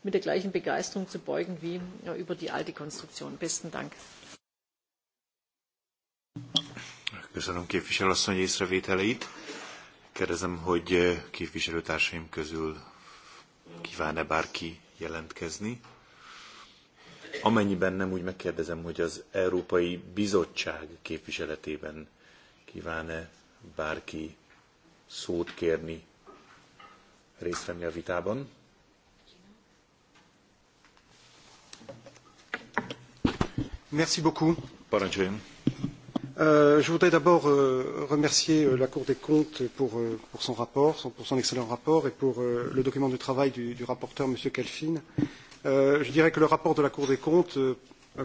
mit der gleichen begeisterung zu beugen wie ja, über die alte konstruktion. besten dank! Köszönöm képviselőasszony észrevételeit. Kérdezem, hogy eh, képviselőtársaim közül kíván-e bárki jelentkezni. Amennyiben nem úgy megkérdezem, hogy az Európai Bizottság képviseletében kíván-e bárki szót kérni, részt venni a vitában. Merci beaucoup. Parancsoljon. Euh, je voudrais d'abord euh, remercier euh, la Cour des comptes pour, pour son rapport, pour son excellent rapport et pour le document de travail du, du rapporteur, M. Kelfin. Je dirais que le rapport de la Cour des comptes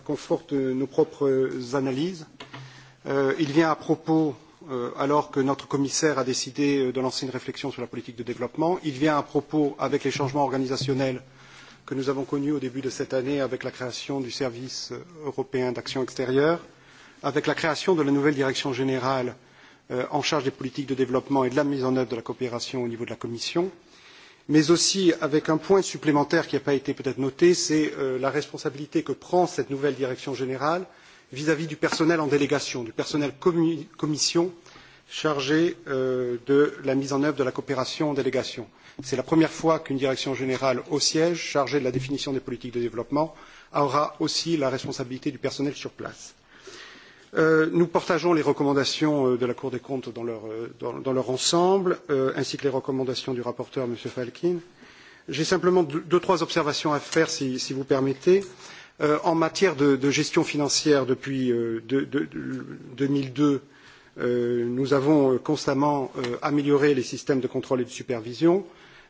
conforte nos propres analyses. Il vient à propos, alors que notre commissaire a décidé de lancer une réflexion sur la politique de développement, il vient à propos avec les changements organisationnels que nous avons connus au début de cette année avec la création du service européen d'action extérieure, euh, avec la création de la nouvelle direction générale euh, en charge des politiques de développement et de la mise en œuvre de la coopération au niveau de la Commission, mais aussi avec un point supplémentaire qui n'a pas été peut-être noté, c'est euh, la responsabilité que prend cette nouvelle direction générale vis-à-vis -vis du personnel en délégation, du personnel commission chargé euh, de la mise en œuvre de la coopération en délégation. C'est la première fois qu'une direction générale au siège, chargée de la définition des politiques de développement, aura aussi la responsabilité du personnel sur place. Euh, nous partageons les recommandations euh, de la Cour des comptes dans leur, euh, dans, dans leur ensemble, euh, ainsi que les recommandations du rapporteur, M. Falkin. J'ai simplement deux, deux, trois observations à faire, si, si vous permettez. Euh, en matière de, de gestion financière depuis euh, de, de, de 2002, euh, nous avons constamment euh, amélioré les systèmes de contrôle et de supervision.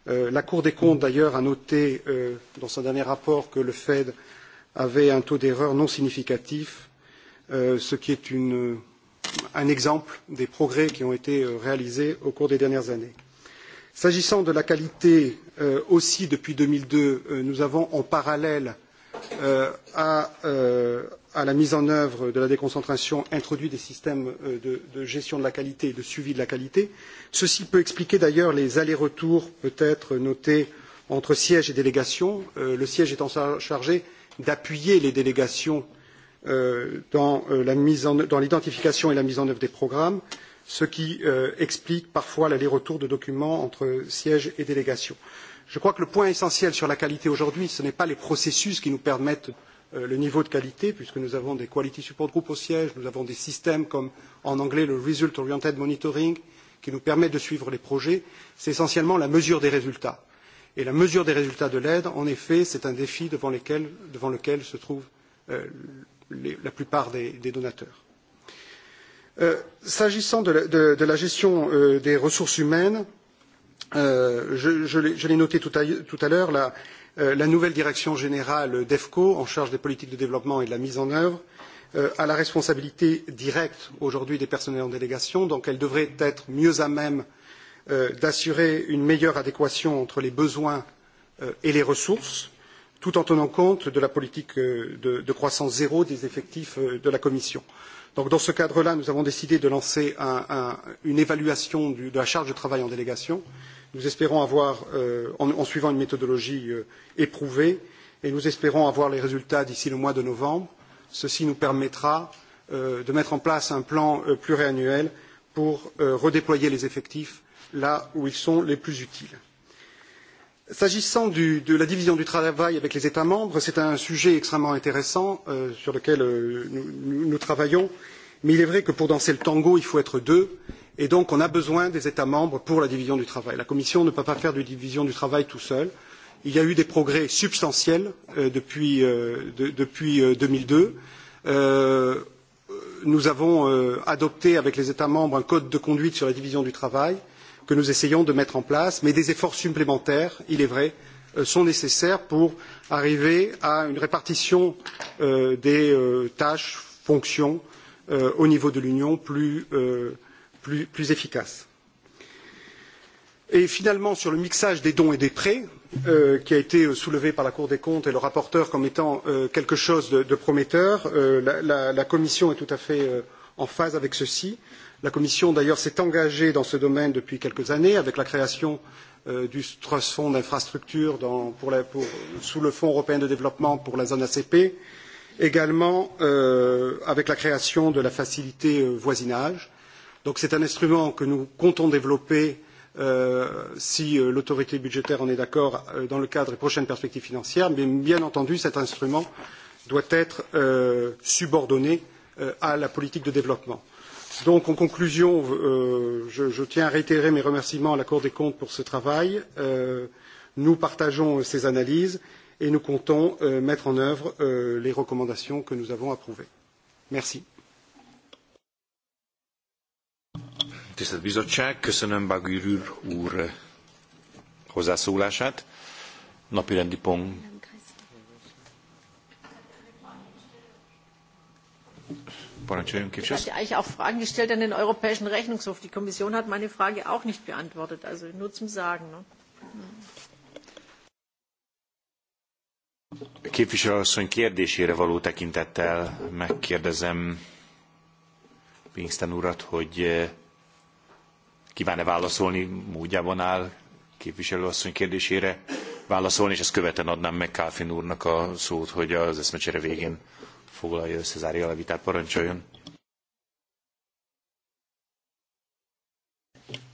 Euh, la Cour des comptes, d'ailleurs, a noté euh, dans son dernier rapport que le Fed avait un taux d'erreur non significatif Euh, ce qui est une, un exemple des progrès qui ont été euh, réalisés au cours des dernières années. S'agissant de la qualité euh, aussi depuis 2002, euh, nous avons en parallèle euh, à, euh, à la mise en œuvre de la déconcentration introduit des systèmes euh, de, de gestion de la qualité et de suivi de la qualité. Ceci peut expliquer d'ailleurs les allers-retours peut-être notés entre siège et délégation. Euh, le siège étant chargé d'appuyer les délégations Euh, euh, dans l'identification et la mise en œuvre des programmes, ce qui euh, explique parfois l'aller-retour de documents entre sièges et délégations. Je crois que le point essentiel sur la qualité aujourd'hui, ce n'est pas les processus qui nous permettent euh, le niveau de qualité, puisque nous avons des quality support groups au siège, nous avons des systèmes comme en anglais le Result Oriented Monitoring qui nous permet de suivre les projets, c'est essentiellement la mesure des résultats. Et la mesure des résultats de l'aide, en effet, c'est un défi devant, lesquels, devant lequel se trouve euh, les, la plupart des, des donateurs. Euh, S'agissant de, de, de la gestion euh, des ressources humaines, euh, je, je l'ai noté tout à, à l'heure, la, euh, la nouvelle direction générale d'EFCO, en charge des politiques de développement et de la mise en œuvre, euh, a la responsabilité directe aujourd'hui des personnels en délégation, donc elle devrait être mieux à même euh, d'assurer une meilleure adéquation entre les besoins euh, et les ressources tout en tenant compte de la politique euh, de, de croissance zéro des effectifs euh, de la Commission. Donc, dans ce cadre là, nous avons décidé de lancer un, un, une évaluation du, de la charge de travail en délégation. Nous espérons avoir, euh, en, en suivant une méthodologie euh, éprouvée, et nous espérons avoir les résultats d'ici le mois de novembre. Ceci nous permettra euh, de mettre en place un plan euh, pluriannuel pour euh, redéployer les effectifs là où ils sont les plus utiles. S'agissant du, de la division du travail avec les États membres, c'est un sujet extrêmement intéressant euh, sur lequel euh, nous, nous, nous travaillons. Mais il est vrai que pour danser le tango, il faut être deux. Et donc, on a besoin des États membres pour la division du travail. La Commission ne peut pas faire de division du travail tout seul. Il y a eu des progrès substantiels euh, depuis, euh, de, depuis euh, 2002. Euh, nous avons euh, adopté avec les États membres un code de conduite sur la division du travail. Euh, que nous essayons de mettre en place, mais des efforts supplémentaires, il est vrai, euh, sont nécessaires pour arriver à une répartition euh, des euh, tâches, fonctions au niveau de l'Union plus, plus, plus efficace. Et finalement, sur le mixage des dons et des prêts, euh, qui a été soulevé par la Cour des comptes et le rapporteur comme étant euh, quelque chose de, de prometteur, euh, la, la, la Commission est tout à fait euh, en phase avec ceci. Euh, La Commission, d'ailleurs, s'est engagée dans ce domaine depuis quelques années avec la création euh, du Trust Fonds d'infrastructure pour pour, sous le Fonds européen de développement pour la zone ACP, également euh, avec la création de la facilité euh, voisinage. Donc c'est un instrument que nous comptons développer euh, si euh, l'autorité budgétaire en est d'accord euh, dans le cadre des prochaines perspectives financières, mais bien entendu cet instrument doit être euh, subordonné euh, à la politique de développement. Donc, en conclusion, euh, je, je tiens à réitérer mes remerciements à la Cour des comptes pour ce travail. Euh, nous partageons euh, ces analyses et nous comptons euh, mettre en œuvre euh, les recommandations que nous avons approuvées. Merci. Tisztelt Bizottság, köszönöm Bagyűr úr euh, hozzászólását. Napirendi pont Ich hatte eigentlich auch Fragen gestellt an den Europäischen Rechnungshof. Die Kommission hat meine Frage auch nicht beantwortet, also nur zum Sagen. Ne? A képviselő asszony kérdésére való tekintettel megkérdezem Pinkston urat, hogy eh, kíván-e válaszolni, módjában áll képviselő asszony kérdésére válaszolni, és ezt követően adnám meg Kálfin úrnak a szót, hogy az eszmecsere végén foglalja össze, zárja a vitát, parancsoljon.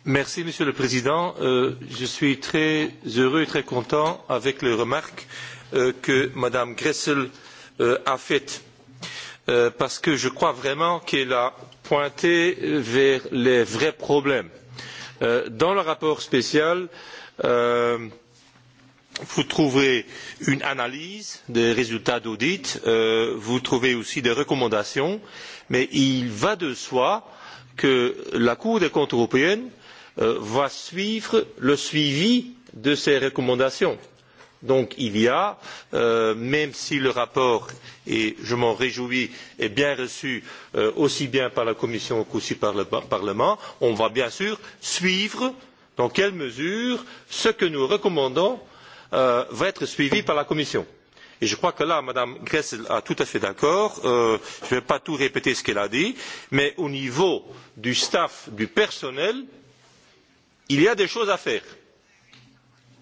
Merci, Monsieur le Président. Euh, je suis très heureux et très content avec les remarques euh, que Madame Gressel euh, a faites, euh, parce que je crois vraiment qu'elle a pointé vers les vrais problèmes. Euh, dans le rapport spécial, euh, vous trouverez une analyse des résultats d'audit euh, vous trouverez aussi des recommandations mais il va de soi que la Cour des comptes européenne euh, va suivre le suivi de ces recommandations. Donc il y a, euh, même si le rapport, et je m'en réjouis, est bien reçu euh, aussi bien par la Commission qu'aussi par le Parlement, on va bien sûr suivre dans quelle mesure ce que nous recommandons Euh, va être suivi par la commission. Et je crois que là, Mme Gressel est tout à fait d'accord. Euh, je ne vais pas tout répéter ce qu'elle a dit, mais au niveau du staff, du personnel, il y a des choses à faire,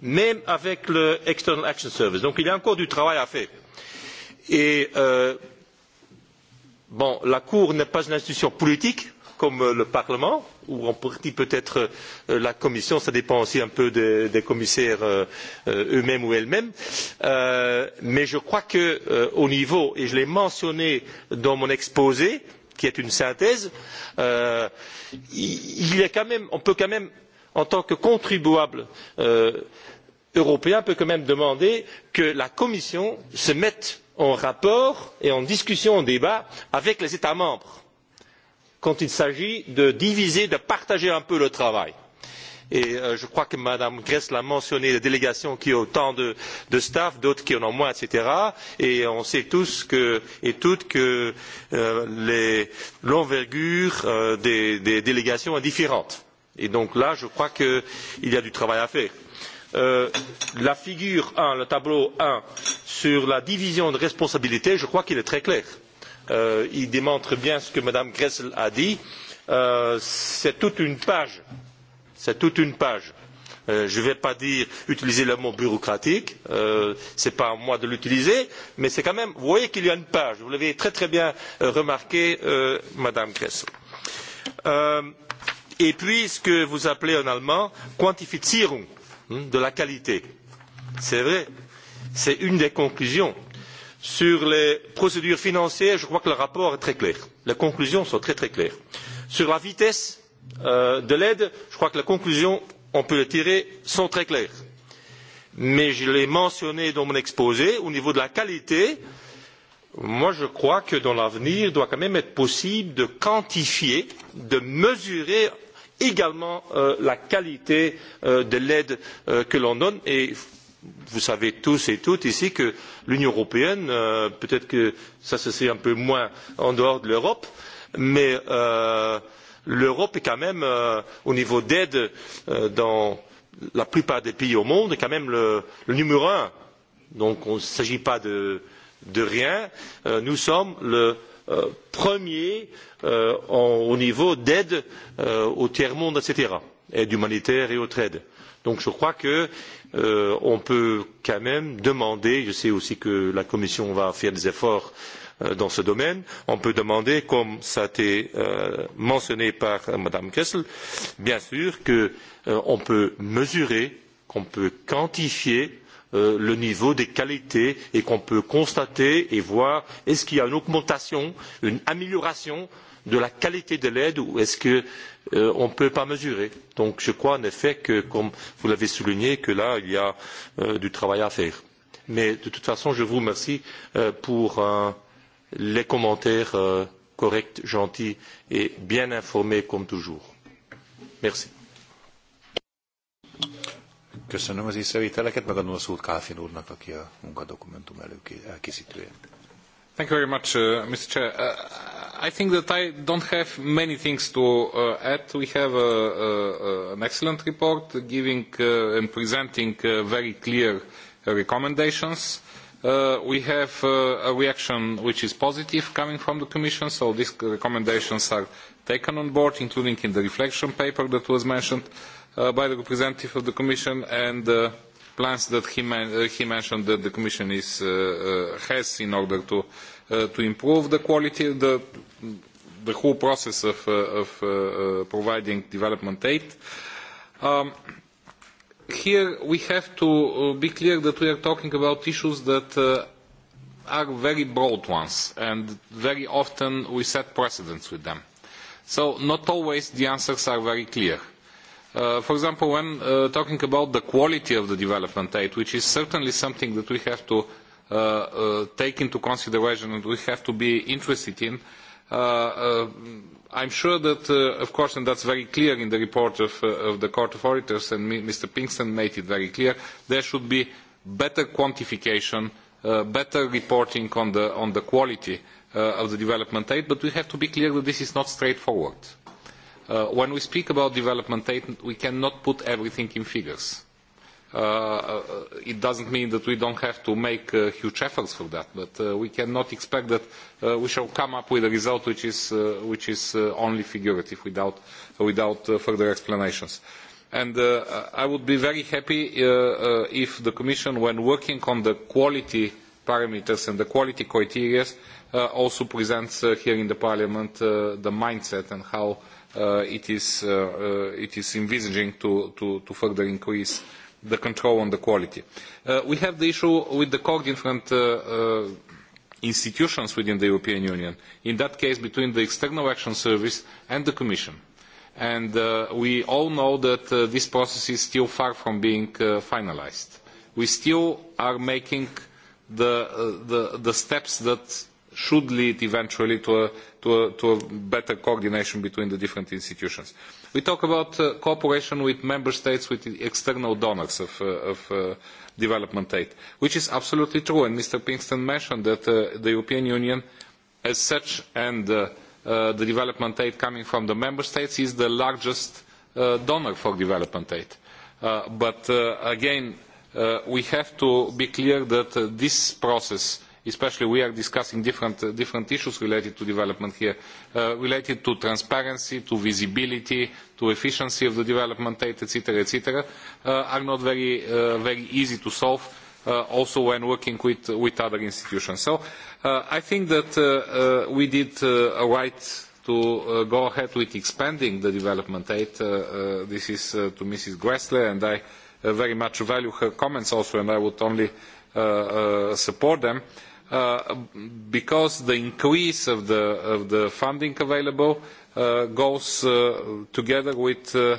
même avec le External Action Service. Donc il y a encore du travail à faire. Et euh, bon, la Cour n'est pas une institution politique, comme euh, le parlement ou en partie peut être euh, la commission cela dépend aussi un peu des, des commissaires euh, euh eux mêmes ou elles mêmes euh, mais je crois que euh, au niveau et je l'ai mentionné dans mon exposé qui est une synthèse euh, il, il est quand même, on peut quand même en tant que contribuable euh, européen peut quand même demander que la commission se mette en rapport et en discussion en débat avec les états membres quand il s'agit de diviser de partager un peu le travail. Et euh, je crois que Mme Gress l'a mentionné, les délégations qui ont autant de, de staff, d'autres qui en ont moins, etc. Et on sait tous que, et toutes que euh, l'envergure euh, des, des délégations est différente. Et donc là, je crois qu'il y a du travail à faire. Euh, la figure 1, le tableau 1, sur la division de responsabilités, je crois qu'il est très clair. Euh, euh, il démontre bien ce que Mme Gressel a dit. Euh, c'est toute une page. C'est toute une page. Euh, je ne vais pas dire utiliser le mot bureaucratique, euh, ce n'est pas à moi de l'utiliser, mais c'est quand même, vous voyez qu'il y a une page, vous l'avez très très bien euh, remarqué, euh, Madame Gressel. Euh, et puis, ce que vous appelez en allemand, quantifizierung, hein, de la qualité. C'est vrai, c'est une des conclusions, Sur les procédures financières, je crois que le rapport est très clair. Les conclusions sont très très claires. Sur la vitesse euh, de l'aide, je crois que les conclusions, on peut les tirer, sont très claires. Mais je l'ai mentionné dans mon exposé, au niveau de la qualité, moi je crois que dans l'avenir, il doit quand même être possible de quantifier, de mesurer également euh, la qualité euh, de l'aide euh, que l'on donne. Et vous savez tous et toutes ici que l'union européenne euh, peut être que ça se sait un peu moins en dehors de l'europe mais euh, l'europe est quand même euh, au niveau d'aide euh, dans la plupart des pays au monde est quand même le, le numéro un donc on ne s'agit pas de, de rien euh, nous sommes le euh, premier euh, en, au niveau d'aide euh, au tiers monde, etc., aide humanitaire et autre aide donc je crois qu'on euh, peut quand même demander je sais aussi que la commission va faire des efforts euh, dans ce domaine on peut demander comme cela a été euh, mentionné par mme kstel bien sûr qu'on peut mesurer qu'on peut quantifier le niveau des qualités et qu'on peut constater et voir est ce qu'il y a une augmentation une amélioration de la qualité de l'aide ou est ce que Euh, on ne peut pas mesurer. donc je crois en effet comme vous l'avez souligné que là il y a euh, du travail à faire. mais de toute façon je vous remercie euh, pour les commentaires corrects gentils et bien informés comme toujours. merci. Köszönöm az észrevételeket, megadom a szót Káfin úrnak, aki a munkadokumentum előkészítője. Thank you very much, uh, Mr. Chair. Uh, I think that I don't have many things to uh, add. We have a, a, a, an excellent report giving uh, and presenting uh, very clear recommendations. Uh, we have uh, a reaction which is positive coming from the Commission, so these recommendations are taken on board, including in the reflection paper that was mentioned uh, by the representative of the Commission and uh, plans that he, man uh, he mentioned that the Commission is, uh, uh, has in order to, uh, to improve the quality, the the whole process of, uh, of uh, uh, providing development aid. Um, here we have to uh, be clear that we are talking about issues that uh, are very broad ones and very often we set precedents with them. So not always the answers are very clear. Uh, for example, when uh, talking about the quality of the development aid, which is certainly something that we have to uh, uh, take into consideration and we have to be interested in, uh, Uh, uh, i am sure that uh, of course and that is very clear in the report of the court of auditors and mr pinkston made it very clear there should be better quantification better reporting on the quality of the development aid but we have to be clear that this is not straightforward. when we speak about development aid we cannot put everything in figures. Uh, uh, it doesn't mean that we don't have to make uh, huge efforts for that, but uh, we cannot expect that uh, we shall come up with a result which is, uh, which is uh, only figurative without, without uh, further explanations. And uh, I would be very happy uh, uh, if the Commission, when working on the quality parameters and the quality criteria, uh, also presents uh, here in the Parliament uh, the mindset and how uh, it, is, uh, uh, it is envisaging to, to, to further increase uh, the control on the quality. Uh, we have the issue with the cognizant uh, uh, institutions within the European Union, in that case between the External Action Service and the Commission. And uh, we all know that uh, this process is still far from being uh, finalized. We still are making the, uh, the, the steps that should lead eventually to a, to a, to a better coordination between the different institutions. We talk about uh, cooperation with member states, with the external donors of, uh, of uh, development aid, which is absolutely true. And Mr. Pinkston mentioned that uh, the European Union as such and uh, uh, the development aid coming from the member states is the largest uh, donor for development aid. Uh, but uh, again, uh, we have to be clear that uh, this process uh, especially we are discussing uh, different issues related to development here uh, related to transparency to visibility to efficiency of the development aid etc etc are not very uh, very easy to solve uh, also when working with with other institutions so uh, i think that uh, uh, we did uh, a right to uh, go ahead with expanding the development aid uh, uh, this is uh, to mrs gressler and i uh, very much value her comments also and i would only uh, uh, support them uh, Uh, because the increase of the, of the funding available uh, goes uh, together with, uh,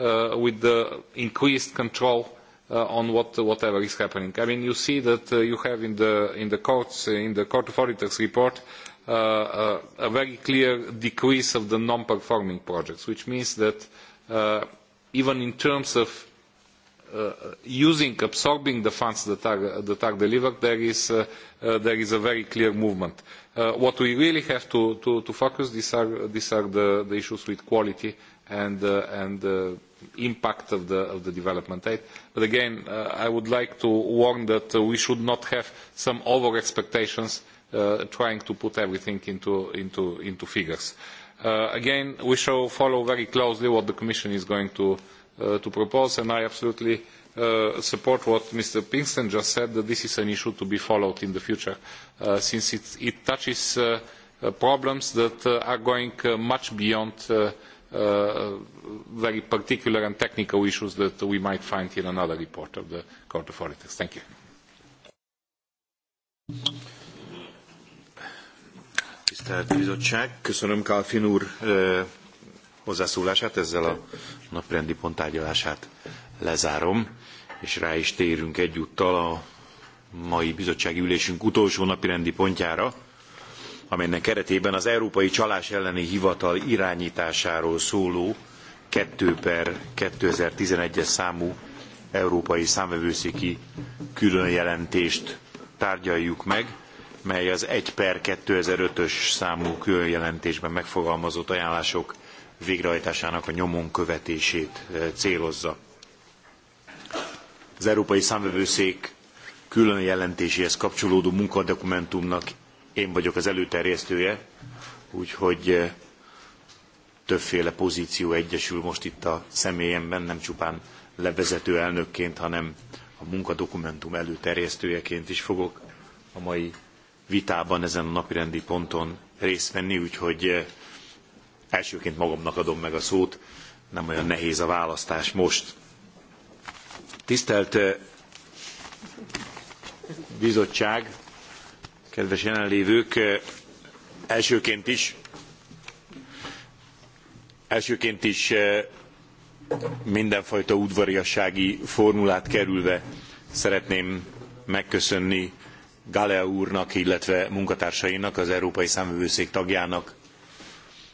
uh, with the increased control uh, on what, whatever is happening. I mean, you see that uh, you have in the, in the courts, in the Court of Auditors report, uh, uh, a very clear decrease of the non-performing projects, which means that uh, even in terms of Uh, uh, using, absorbing the funds that are, that are delivered, there is, uh, uh, there is a very clear movement. Uh, what we really have to, to, to focus, these are, these are the, the issues with quality and, uh, and uh, impact of the, of the development aid. But again, uh, I would like to warn that uh, we should not have some over-expectations uh, trying to put everything into, into, into figures. Uh, again, we shall follow very closely what the Commission is going to, uh, Uh, to propose and i absolutely uh, support what mr pinkston just said that this is an issue to be followed in the future uh, since it, it touches uh, uh, problems that uh, are going uh, much beyond uh, uh, very particular and technical issues that we might find in another report of the court of auditors thank you Tisztelt bizottság, köszönöm Kálfin úr. Uh, hozzászólását, ezzel a naprendi pont tárgyalását lezárom, és rá is térünk egyúttal a mai bizottsági ülésünk utolsó napirendi pontjára, amelynek keretében az Európai Csalás elleni Hivatal irányításáról szóló 2 per 2011-es számú európai számvevőszéki különjelentést tárgyaljuk meg, mely az 1 per 2005-ös számú különjelentésben megfogalmazott ajánlások végrehajtásának a nyomon követését eh, célozza. Az Európai Számvevőszék külön jelentéséhez kapcsolódó munkadokumentumnak én vagyok az előterjesztője, úgyhogy eh, többféle pozíció egyesül most itt a személyemben, nem csupán levezető elnökként, hanem a munkadokumentum előterjesztőjeként is fogok a mai vitában ezen a napirendi ponton részt venni, úgyhogy eh, elsőként magamnak adom meg a szót, nem olyan nehéz a választás most. Tisztelt bizottság, kedves jelenlévők, elsőként is, elsőként is mindenfajta udvariassági formulát kerülve szeretném megköszönni Galea úrnak, illetve munkatársainak, az Európai Számvevőszék tagjának,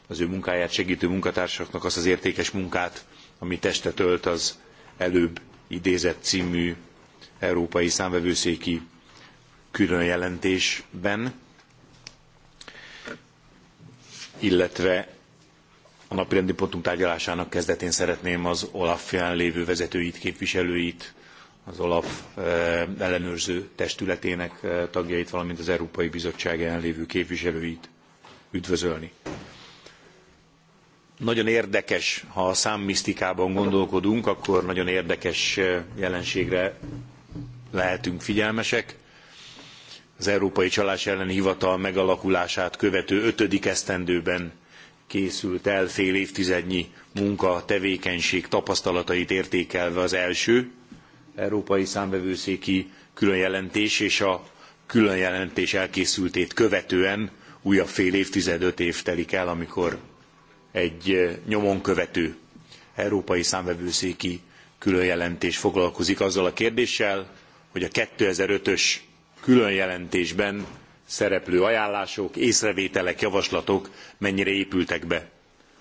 az ő munkáját segítő munkatársaknak azt az értékes munkát, ami teste tölt az előbb idézett című európai számvevőszéki külön jelentésben, illetve a napirendi pontunk tárgyalásának kezdetén szeretném az olaf jelen lévő vezetőit, képviselőit, az OLAF eh, ellenőrző testületének eh, tagjait, valamint az Európai Bizottság jelenlévő képviselőit üdvözölni. Nagyon érdekes, ha a számmisztikában gondolkodunk, akkor nagyon érdekes eh, jelenségre lehetünk figyelmesek. Az Európai Csalás Ellen Hivatal megalakulását követő ötödik esztendőben készült el fél évtizednyi munka, tevékenység tapasztalatait értékelve az első Európai Számvevőszéki különjelentés és a különjelentés elkészültét követően újabb fél évtized, öt év telik el, amikor egy nyomon követő európai számvevőszéki különjelentés foglalkozik azzal a kérdéssel, hogy a 2005-ös különjelentésben szereplő ajánlások, észrevételek, javaslatok mennyire épültek be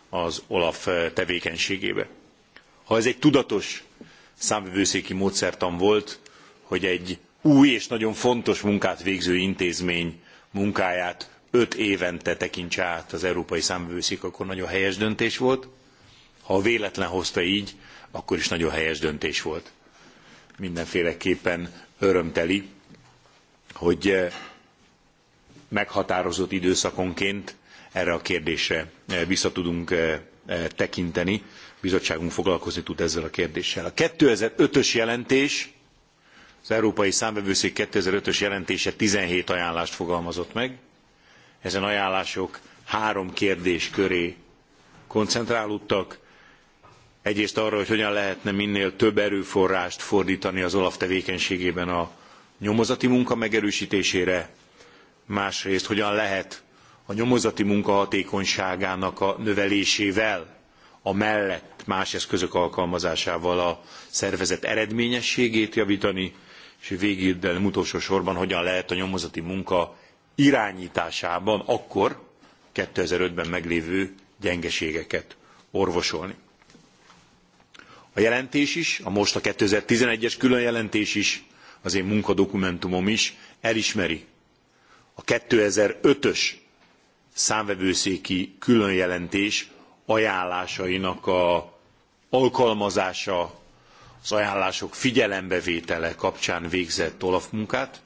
az OLAF tevékenységébe. Ha ez egy tudatos számvevőszéki módszertan volt, hogy egy új és nagyon fontos munkát végző intézmény munkáját öt évente tekintse át az európai száműveszék, akkor nagyon helyes döntés volt. Ha a véletlen hozta így, akkor is nagyon helyes döntés volt. Mindenféleképpen örömteli, hogy eh, meghatározott időszakonként erre a kérdésre eh, vissza tudunk eh, tekinteni. Bizottságunk foglalkozni tud ezzel a kérdéssel. A 2005-ös jelentés, az Európai Számvevőszék 2005-ös jelentése 17 ajánlást fogalmazott meg, ezen ajánlások három kérdés köré koncentrálódtak. Egyrészt arra, hogy hogyan lehetne minél több erőforrást fordítani az OLAF tevékenységében a nyomozati munka megerősítésére, másrészt hogyan lehet a nyomozati munka hatékonyságának a növelésével, a mellett más eszközök alkalmazásával a szervezet eredményességét javítani, és végül, de nem utolsó sorban, hogyan lehet a nyomozati munka iránytásában akkor 2005-ben meglévő gyengeségeket orvosolni. A jelentés is, a most a 2011-es külön jelentés is, az én munkadokumentumom is elismeri a 2005-ös számvevőszéki külön jelentés ajánlásainak a alkalmazása az ajánlások figyelembevétele kapcsán végzett Olaf munkát,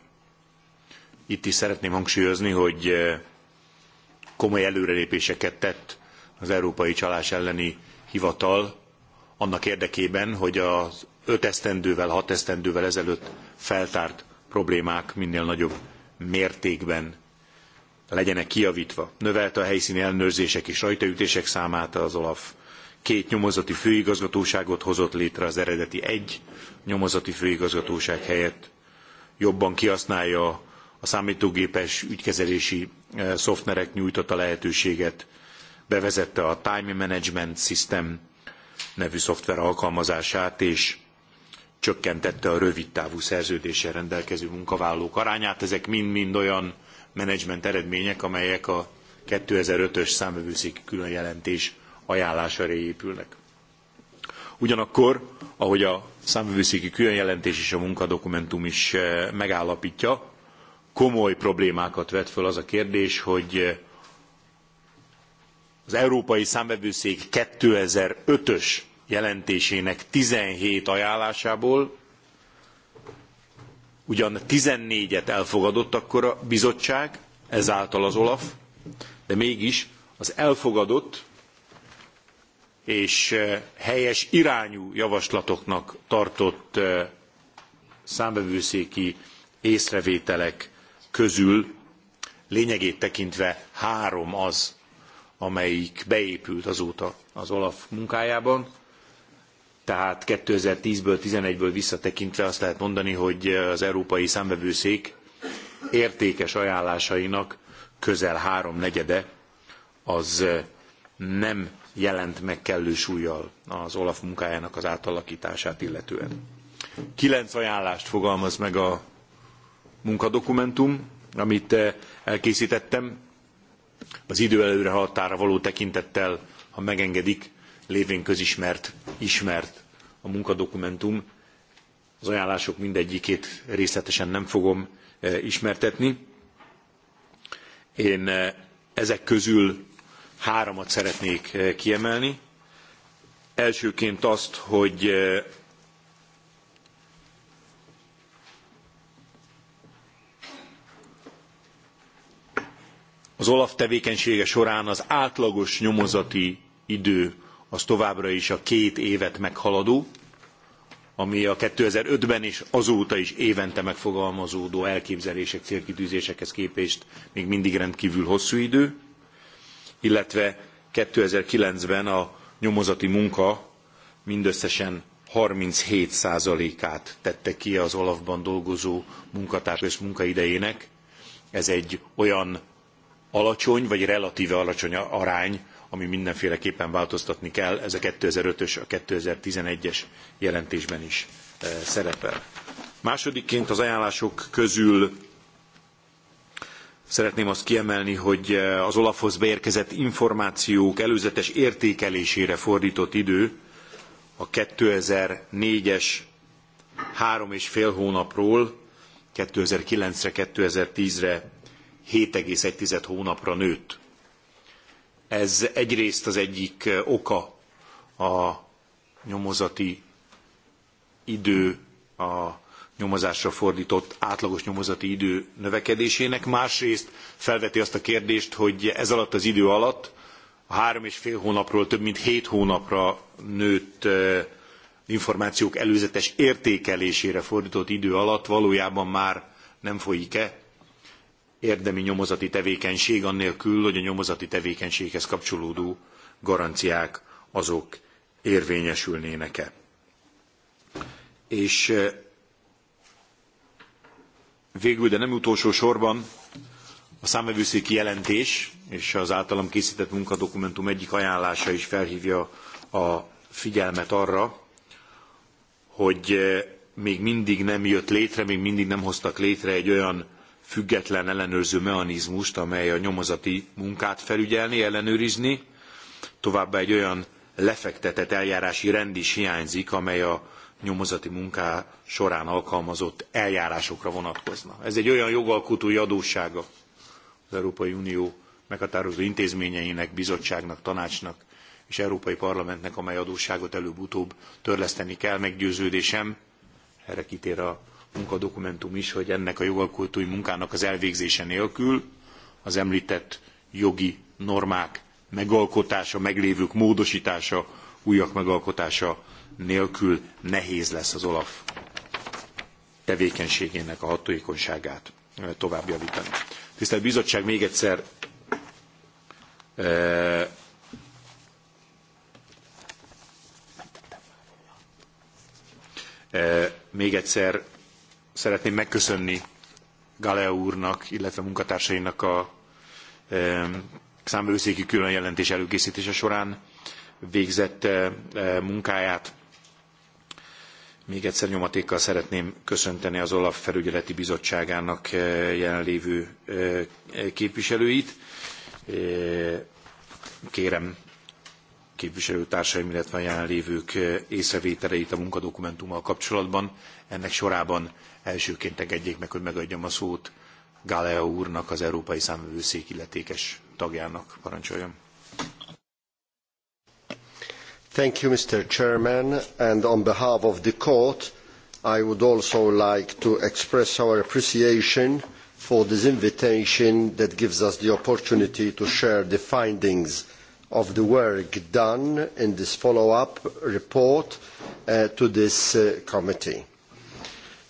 Itt is szeretném hangsúlyozni, hogy eh, komoly előrelépéseket tett az Európai Csalás elleni hivatal annak érdekében, hogy az öt esztendővel, hat esztendővel ezelőtt feltárt problémák minél nagyobb mértékben legyenek kiavítva. Növelte a helyszíni ellenőrzések és rajtaütések számát az OLAF. Két nyomozati főigazgatóságot hozott létre az eredeti egy nyomozati főigazgatóság helyett. Jobban kihasználja a számítógépes ügykezelési e, szoftverek nyújtotta lehetőséget, bevezette a Time Management System nevű szoftver alkalmazását, és csökkentette a rövid távú szerződéssel rendelkező munkavállalók arányát. Ezek mind-mind olyan menedzsment eredmények, amelyek a 2005-ös számövőszéki különjelentés ajánlásra épülnek. Ugyanakkor, ahogy a számövőszéki különjelentés és a munkadokumentum is e, megállapítja, komoly problémákat vet föl az a kérdés, hogy eh, az Európai Számvevőszék 2005-ös jelentésének 17 ajánlásából ugyan 14-et elfogadott akkor a bizottság, ezáltal az OLAF, de mégis az elfogadott és eh, helyes irányú javaslatoknak tartott eh, számvevőszéki észrevételek közül lényegét tekintve három az, amelyik beépült azóta az Olaf munkájában. Tehát 2010-ből, 11-ből visszatekintve azt lehet mondani, hogy az Európai Számbevőszék értékes ajánlásainak közel háromnegyede az nem jelent meg kellő súlyjal az Olaf munkájának az átalakítását illetően. Kilenc ajánlást fogalmaz meg a munkadokumentum amit eh, elkésztettem az idő előre határa való tekintettel ha megengedik lévén közismert ismert a munkadokumentum az ajánlások mindegyikét részletesen nem fogom eh, ismertetni én eh, ezek közül háromat szeretnék kiemelni elsőként azt hogy az olaf tevékenysége során az átlagos nyomozati idő az továbbra is a két évet meghaladó ami a 2005-ben és azóta is évente megfogalmazódó elképzelések, célkitűzésekhez képest még mindig rendkívül hosszú idő, illetve 2009-ben a nyomozati munka mindösszesen 37%-át tette ki az olaf dolgozó munkatárs munkaidejének. Ez egy olyan alacsony vagy relatíve alacsony arány, ami mindenféleképpen változtatni kell, ez a 2005-ös, a 2011-es jelentésben is e, szerepel. Másodikként az ajánlások közül szeretném azt kiemelni, hogy e, az Olafhoz beérkezett információk előzetes értékelésére fordított idő a 2004-es három és fél hónapról 2009-re, 2010-re 7,1 hónapra nőtt. Ez egyrészt az egyik eh, oka a nyomozati idő, a nyomozásra fordított átlagos nyomozati idő növekedésének. Másrészt felveti azt a kérdést, hogy ez alatt az idő alatt a három és fél hónapról több mint hét hónapra nőtt eh, információk előzetes értékelésére fordított idő alatt valójában már nem folyik-e érdemi nyomozati tevékenység, annélkül, hogy a nyomozati tevékenységhez kapcsolódó garanciák azok érvényesülnének-e. És eh, végül, de nem utolsó sorban, a számvevőszéki jelentés és az általam készített munkadokumentum egyik ajánlása is felhívja a figyelmet arra, hogy eh, még mindig nem jött létre, még mindig nem hoztak létre egy olyan független ellenőrző mechanizmust, amely a nyomozati munkát felügyelni, ellenőrizni. Továbbá egy olyan lefektetett eljárási rend is hiányzik, amely a nyomozati munká során alkalmazott eljárásokra vonatkozna. Ez egy olyan jogalkotói adóssága az Európai Unió meghatározó intézményeinek, bizottságnak, tanácsnak és Európai Parlamentnek, amely adósságot előbb-utóbb törleszteni kell meggyőződésem. Erre kitér a munkadokumentum is, hogy ennek a jogalkotói munkának az elvégzése nélkül az említett jogi normák megalkotása, meglévők módosítása, újak megalkotása nélkül nehéz lesz az OLAF tevékenységének a hatóikonságát eh, tovább javítani. Tisztelt Bizottság, még egyszer e, e, még egyszer szeretném megköszönni Galea úrnak, illetve munkatársainak a számbőszéki külön jelentés előkészítése során végzett eh, eh, munkáját. Még egyszer nyomatékkal szeretném köszönteni az OLAF felügyeleti bizottságának eh, jelenlévő képviselőit. Kérem képviselőtársaim, illetve a jelenlévők észrevételeit a munkadokumentummal kapcsolatban. Ennek sorában elsőként engedjék meg, hogy megadjam a szót Galea úrnak, az Európai Számvevőszék illetékes tagjának. Parancsoljon. Thank you, Mr. Chairman, and on behalf of the court, I would also like to express our appreciation for this invitation that gives us the opportunity to share the findings of the work done in this follow-up report uh, to this uh, committee.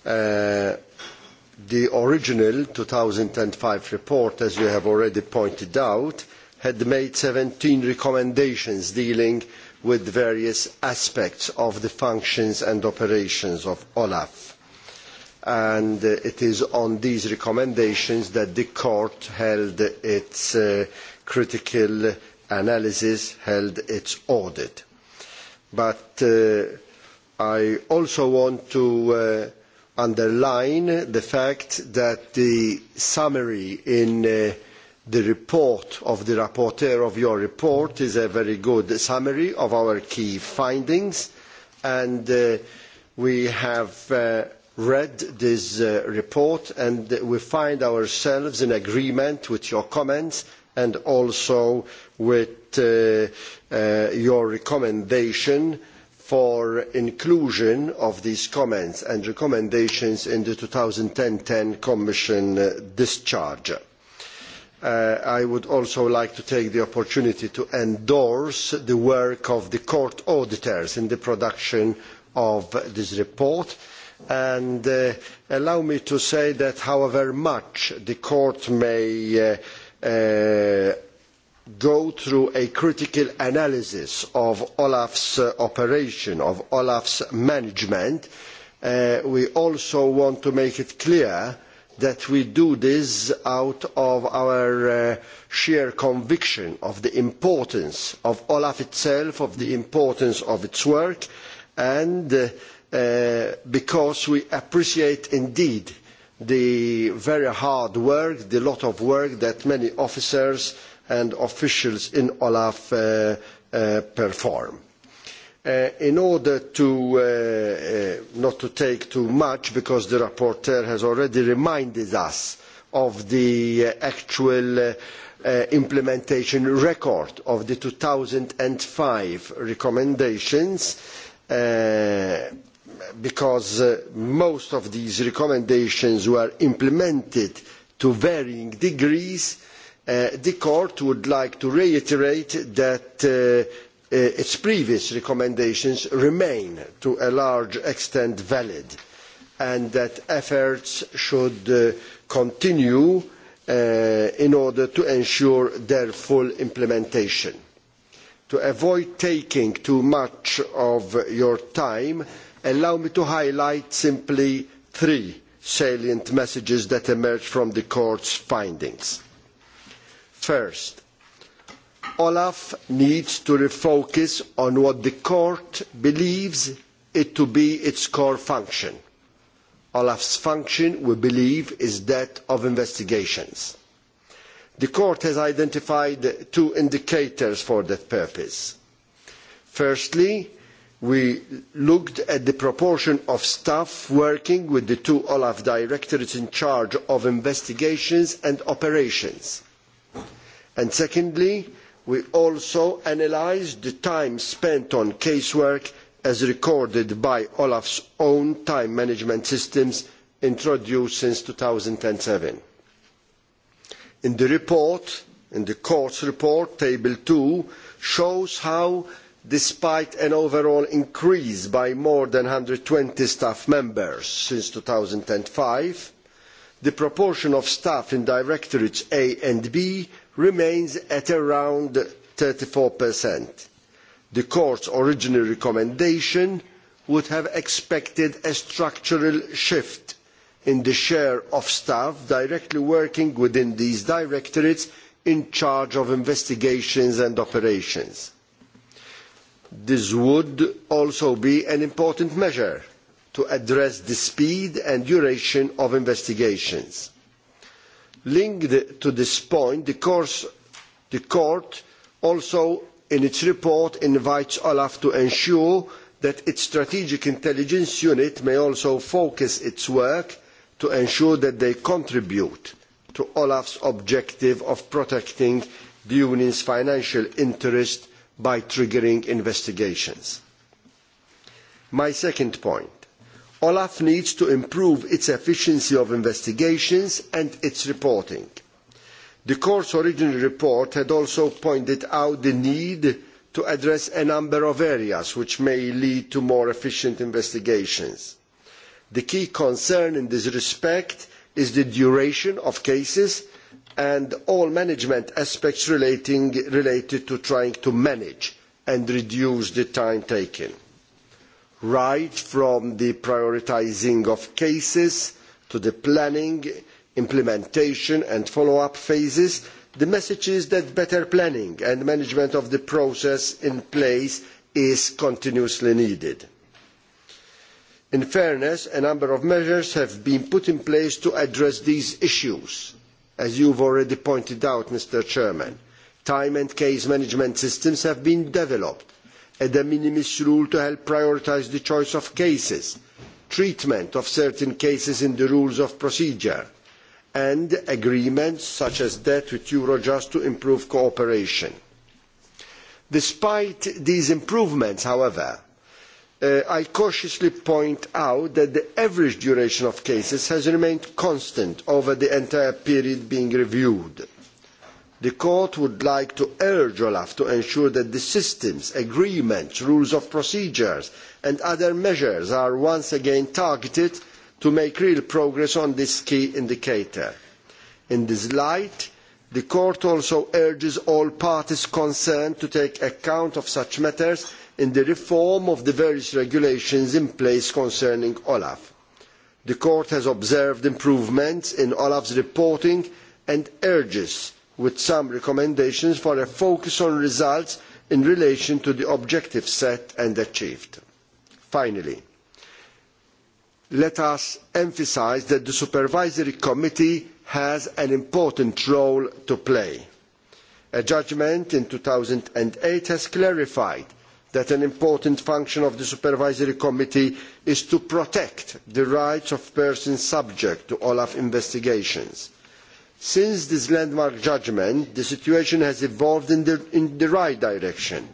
Uh, the original two thousand and five report as you have already pointed out had made seventeen recommendations dealing with various aspects of the functions and operations of olaf and uh, it is on these recommendations that the court held its uh, critical analysis held its audit but uh, i also want to uh, underline the fact that the summary in uh, the report of the rapporteur of your report is a very good summary of our key findings and uh, we have uh, read this uh, report and we find ourselves in agreement with your comments and also with uh, uh, your recommendation uh, for inclusion of these comments and recommendations in the two thousand and ten ten commission discharge. Uh, i would also like to take the opportunity to endorse the work of the court auditors in the production of this report and uh, allow me to say that however much the court may uh, go through a critical analysis of olaf's uh, operation of olaf's management uh, we also want to make it clear that we do this out of our uh, sheer conviction of the importance of olaf itself of the importance of its work and because we appreciate indeed the very hard work the lot of work that many officers and officials in Olaf uh, uh, perform. Uh, in order to uh, uh, not to take too much, because the rapporteur has already reminded us of the uh, actual uh, uh, implementation record of the 2005 recommendations, uh, because uh, most of these recommendations were implemented to varying degrees, uh, Uh, the court would like to reiterate that uh, uh, its previous recommendations remain to a large extent valid and that efforts should continue in order to ensure their full implementation. to avoid taking too much of your time allow me to highlight simply three salient messages that emerge from the court's findings first olaf needs to refocus on what the court believes to be its core function. olaf's function we believe is that of investigations. the court has identified two indicators for that purpose. firstly we looked at the proportion of staff working with the two olaf directorates in charge of investigations and operations and secondly we also analysed the time spent on casework as recorded by olaf's own time management systems introduced since. two thousand and seven in the report in the court's report table two shows how despite an overall increase by more than one hundred and twenty staff members since two thousand and five the proportion of staff in directorates a and b remains at around 34%. The court's original recommendation would have expected a structural shift in the share of staff directly working within these directorates in charge of investigations and operations. This would also be an important measure to address the speed and duration of investigations linked to this point the court also in its report invites olaf to ensure that its strategic intelligence unit may also focus its work to ensure that they contribute to olaf's objective of protecting the union's financial interest by triggering investigations. my second point olaf needs to improve its efficiency of investigations and its reporting. the court's original report had also pointed out the need to address a number of areas which may lead to more efficient investigations. the key concern in this respect is the duration of cases and all management aspects relating, related to trying to manage and reduce the time taken right from the prioritising of cases to the planning implementation and follow up phases the message is that better planning and management of the process in place is continuously needed. in fairness a number of measures have been put in place to address these issues as you have already pointed out mr president. time and case management systems have been developed a de minimis rule to help prioritise the choice of cases treatment of certain cases in the rules of procedure and agreements such as that with eurojust to improve cooperation. despite these improvements however uh, i cautiously point out that the average duration of cases has remained constant over the entire period being reviewed the court would like to urge olaf to ensure that the systems agreements rules of procedures and other measures are once again targeted to make real progress on this key indicator. in this light the court also urges all parties concerned to take account of such matters in the reform of the various regulations in place concerning olaf. the court has observed improvements in olaf's reporting and urges with some recommendations for a focus on results in relation to the objectives set and achieved. finally let us emphasise that the supervisory committee has an important role to play. a judgment in two thousand and eight has clarified that an important function of the supervisory committee is to protect the rights of persons subject to olaf investigations since this landmark judgment the situation has evolved in the right direction.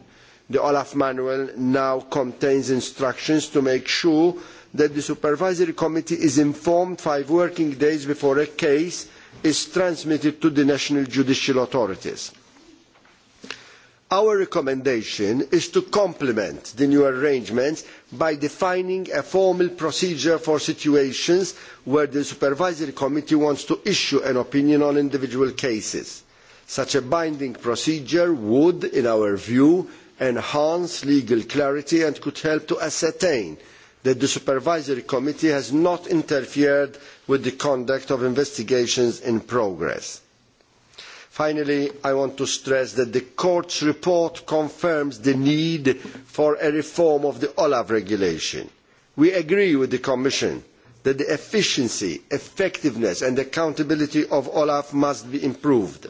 the olaf manual now contains instructions to make sure that the supervisory committee is informed five working days before a case is transmitted to the national judicial authorities our recommendation is to complement the new arrangements by defining a formal procedure for situations where the supervisory committee wants to issue an opinion on individual cases. such a binding procedure would in our view enhance legal clarity and could help to ascertain that the supervisory committee has not interfered with the conduct of investigations in progress finally i want to stress that the court's report confirms the need for a reform of the olaf regulation. we agree with the commission that the efficiency effectiveness and accountability of olaf must be improved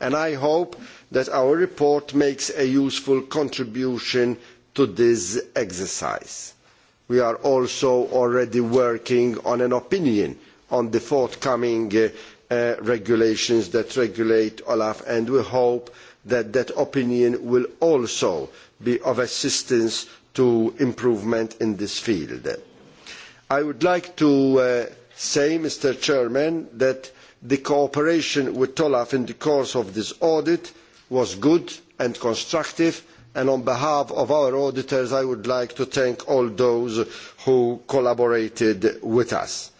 and i hope that our report makes a useful contribution to this exercise. we are also already working on an opinion on the forthcoming uh, Uh, regulations that regulate olaf and we hope that that opinion will also be of assistance to improvement in this field. i would like to uh, say that the cooperation with olaf in the course of this audit was good and constructive and on behalf of our auditors i would like to thank all those who collaborated with us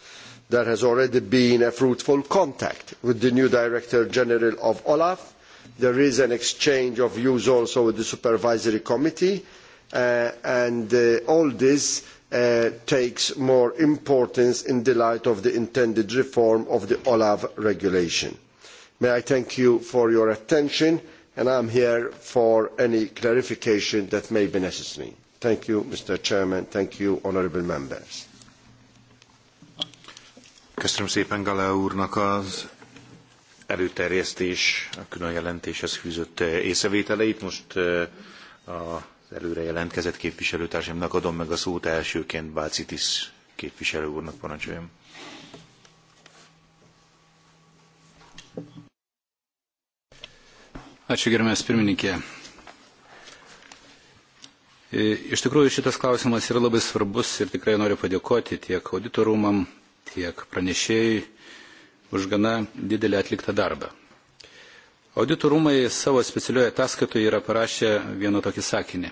there has already been a fruitful contact with the new director general of olaf. there is an exchange of views also with the supervisory committee uh, and uh, all this uh, takes more importance in the light of the intended reform of the olaf regulation. may i thank you for your attention and i'm here for any clarification that may be necessary. thank you, mr chairman. thank you, honourable members. Köszönöm szépen Galea úrnak az előterjesztés, a külön jelentéshez fűzött eh, észrevételeit. Most eh, az előre jelentkezett képviselőtársamnak adom meg a szót elsőként Bácitis képviselő úrnak parancsoljam. Ačiū, e, Iš tikrųjų, šitas klausimas yra labai svarbus ir tikrai noriu padėkoti tiek auditorumam, tiek pranešėjai už gana didelį atliktą darbą. Auditų rūmai savo specialioje ataskaitoje yra parašę vieną tokį sakinį,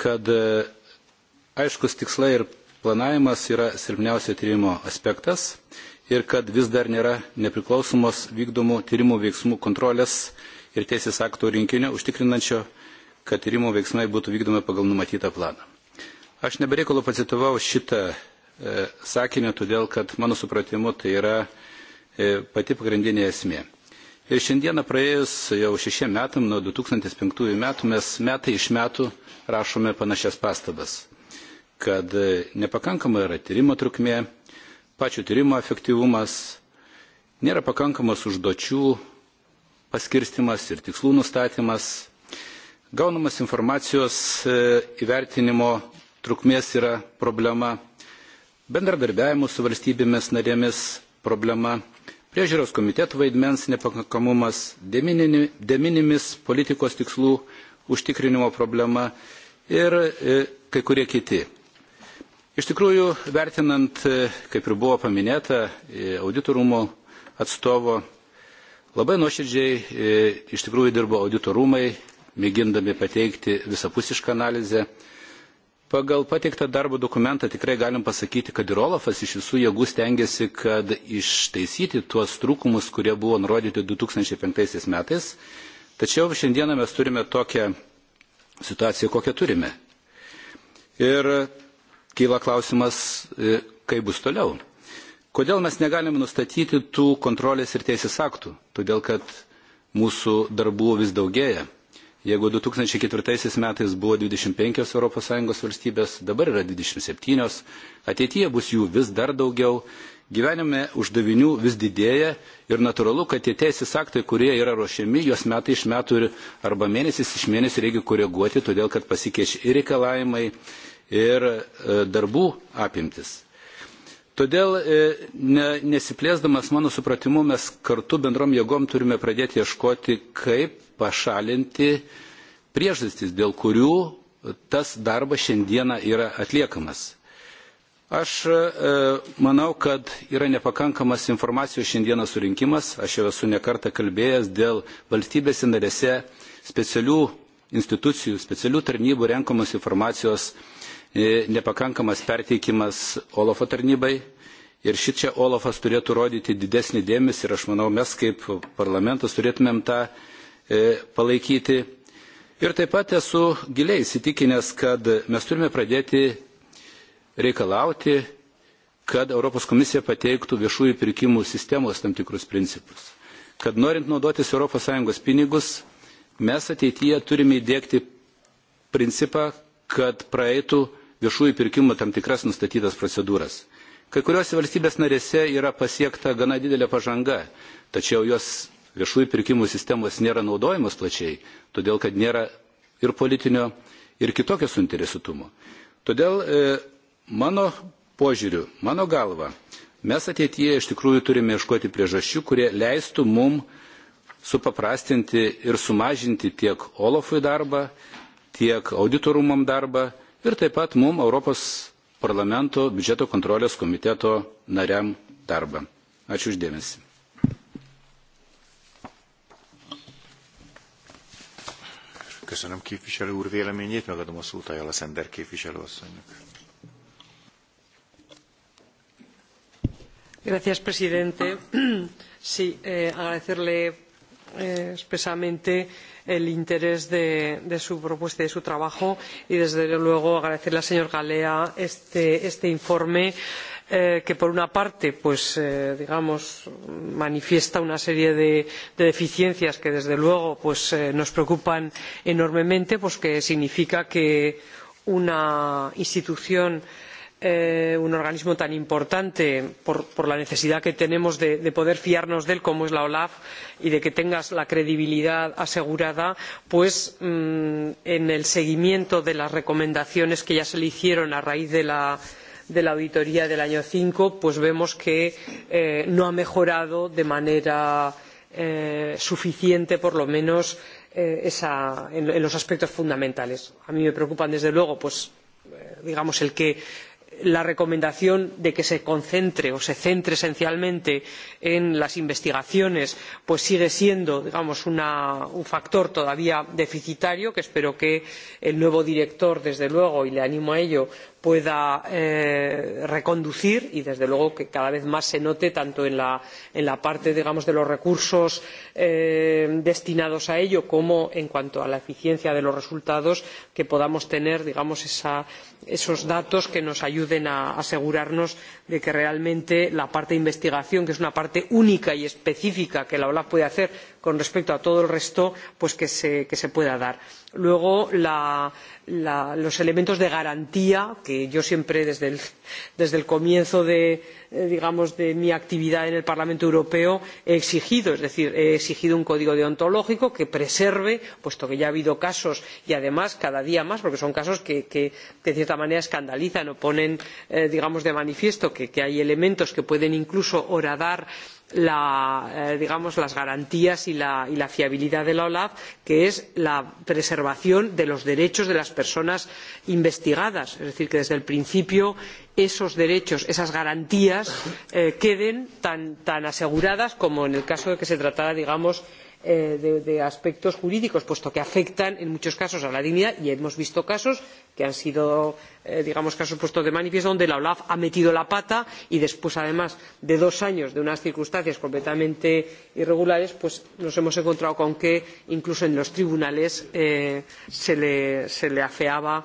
kad e, aiškus tikslai ir planavimas yra silpniausio tyrimo aspektas ir kad vis dar nėra nepriklausomos vykdomų tyrimų veiksmų kontrolės ir teisės aktų rinkinio užtikrinančio, kad tyrimo veiksmai būtų vykdomi pagal numatytą planą. Aš nebereikalų pacituvau šitą E, sakinio, todėl kad mano supratimu tai yra e, pati pagrindinė esmė. Ir šiandieną praėjus jau šešiem metam, nuo 2005 metų, mes metai iš metų rašome panašias pastabas, kad e, nepakankama yra tyrimo trukmė, pačių tyrimo efektyvumas, nėra pakankamas užduočių paskirstimas ir tikslų nustatymas, gaunamas informacijos įvertinimo trukmės yra problema bendradarbiavimo su valstybėmis narėmis problema priežiūros komitetų vaidmens nepakankamumas deminimis politikos tikslų užtikrinimo problema ir e, kai kurie kiti. Iš tikrųjų, vertinant, e, kaip ir buvo paminėta, e, auditorumo atstovo, labai nuoširdžiai iš tikrųjų dirbo auditorumai, mėgindami pateikti visapusišką analizę, Pagal pateiktą darbo dokumentą tikrai galim pasakyti, kad ir Olafas iš visų jėgų stengiasi, kad ištaisyti tuos trūkumus, kurie buvo nurodyti 2005 metais. Tačiau šiandieną mes turime tokią situaciją, kokią turime. Ir kyla klausimas, e, kaip bus toliau. Kodėl mes negalime nustatyti tų kontrolės ir teisės aktų? Todėl, kad mūsų darbų vis daugėja. Jeigu 2004 metais buvo 25 ES valstybės, dabar yra 27, ateityje bus jų vis dar daugiau, gyvenime uždavinių vis didėja ir natūralu, kad tie teisės aktai, kurie yra ruošiami, juos metai iš metų ir arba mėnesis iš mėnesį reikia koreguoti, todėl kad pasikeiš ir reikalavimai, ir e, darbų apimtis. Todėl e, nesiplėsdamas mano supratimu, mes kartu bendrom jėgom turime pradėti ieškoti, kaip pašalinti priežastis, dėl kurių tas darbas šiandieną yra atliekamas. Aš e, manau, kad yra nepakankamas informacijos šiandieną surinkimas, aš jau esu nekartą kalbėjęs dėl valstybės narėse specialių institucijų, specialių tarnybų renkamos informacijos E, nepakankamas perteikimas Olofo tarnybai. Ir šit čia Olofas turėtų rodyti didesnį dėmesį ir aš manau, mes kaip parlamentas turėtumėm tą e, palaikyti. Ir taip pat esu giliai įsitikinęs, kad mes turime pradėti reikalauti, kad Europos komisija pateiktų viešųjų pirkimų sistemos tam tikrus principus. Kad norint naudotis ES pinigus, mes ateityje turime įdėkti principą, kad praeitų viešųjų pirkimų tam tikras nustatytas procedūras. Kai kuriuose valstybės narėse yra pasiekta gana didelė pažanga, tačiau jos viešųjų pirkimų sistemos nėra naudojamos plačiai, todėl kad nėra ir politinio, ir kitokio suinteresuotumo. Todėl e, mano požiūriu, mano galva, mes ateityje iš tikrųjų turime ieškoti priežasčių, kurie leistų mum supaprastinti ir sumažinti tiek Olofui darbą, tiek auditorumam darbą ir taip pat mum Europos parlamento biudžeto kontrolės komiteto nariam darbą. Ačiū uždėmesi. Köszönöm képviselő úr véleményét, megadom a szót a Jalaszender képviselőasszonynak. Gracias, presidente. Sí, eh, agradecerle Eh, expresamente el interés de su propuesta y de su trabajo y desde luego agradecerle al señor gallea este informe eh, que por una parte eh, manifiesta una serie de deficiencias que desde luego nos preocupan enormemente pues que significa que una institución Eh, un organismo tan importante por la necesidad que tenemos de poder fiarnos de él como es la olaf y de que tenga la credibilidad asegurada mm, en el seguimiento de las recomendaciones que ya se le hicieron a raíz de la auditoría del año dos mil cinco pues vemos que eh, no ha mejorado de manera eh, suficiente por lo menos en los aspectos fundamentales. a mí me preocupa desde luego digamos el que la recomendación de que se concentre o se centre esencialmente en las investigaciones sigue siendo un factor todavía deficitario que espero que el nuevo director desde luego y le animo a ello pueda corregir pueda eh, reconducir y desde luego que cada vez más se note tanto en la parte de los recursos eh, destinados a ello como en cuanto a la eficiencia de los resultados que podamos tener esos datos que nos ayuden a asegurarnos de que realmente la parte de investigación que es una parte única y específica que la olaf puede hacer con respecto a todo el resto que se pueda dar. luego los elementos de garantía que yo siempre desde el comienzo eh, de mi actividad en el parlamento europeo he exigido es decir he exigido un código deontológico que preserve puesto que ya ha habido casos y además cada día más porque son casos que de cierta manera escandalizan o ponen eh, de manifiesto que hay elementos que pueden incluso horadar la, eh, digamos, las garantías y la, y la fiabilidad de la OLAF, que es la preservación de los derechos de las personas investigadas. Es decir, que desde el principio esos derechos, esas garantías, eh, queden tan, tan aseguradas como en el caso de que se tratara, digamos, eh, de, de aspectos jurídicos, puesto que afectan en muchos casos a la dignidad y hemos visto casos que han sido eh, digamos casos puestos de manifiesto donde la olaf ha metido la pata y después además de dos años de unas circunstancias completamente irregulares nos hemos encontrado con que incluso en los tribunales eh, se le afeaba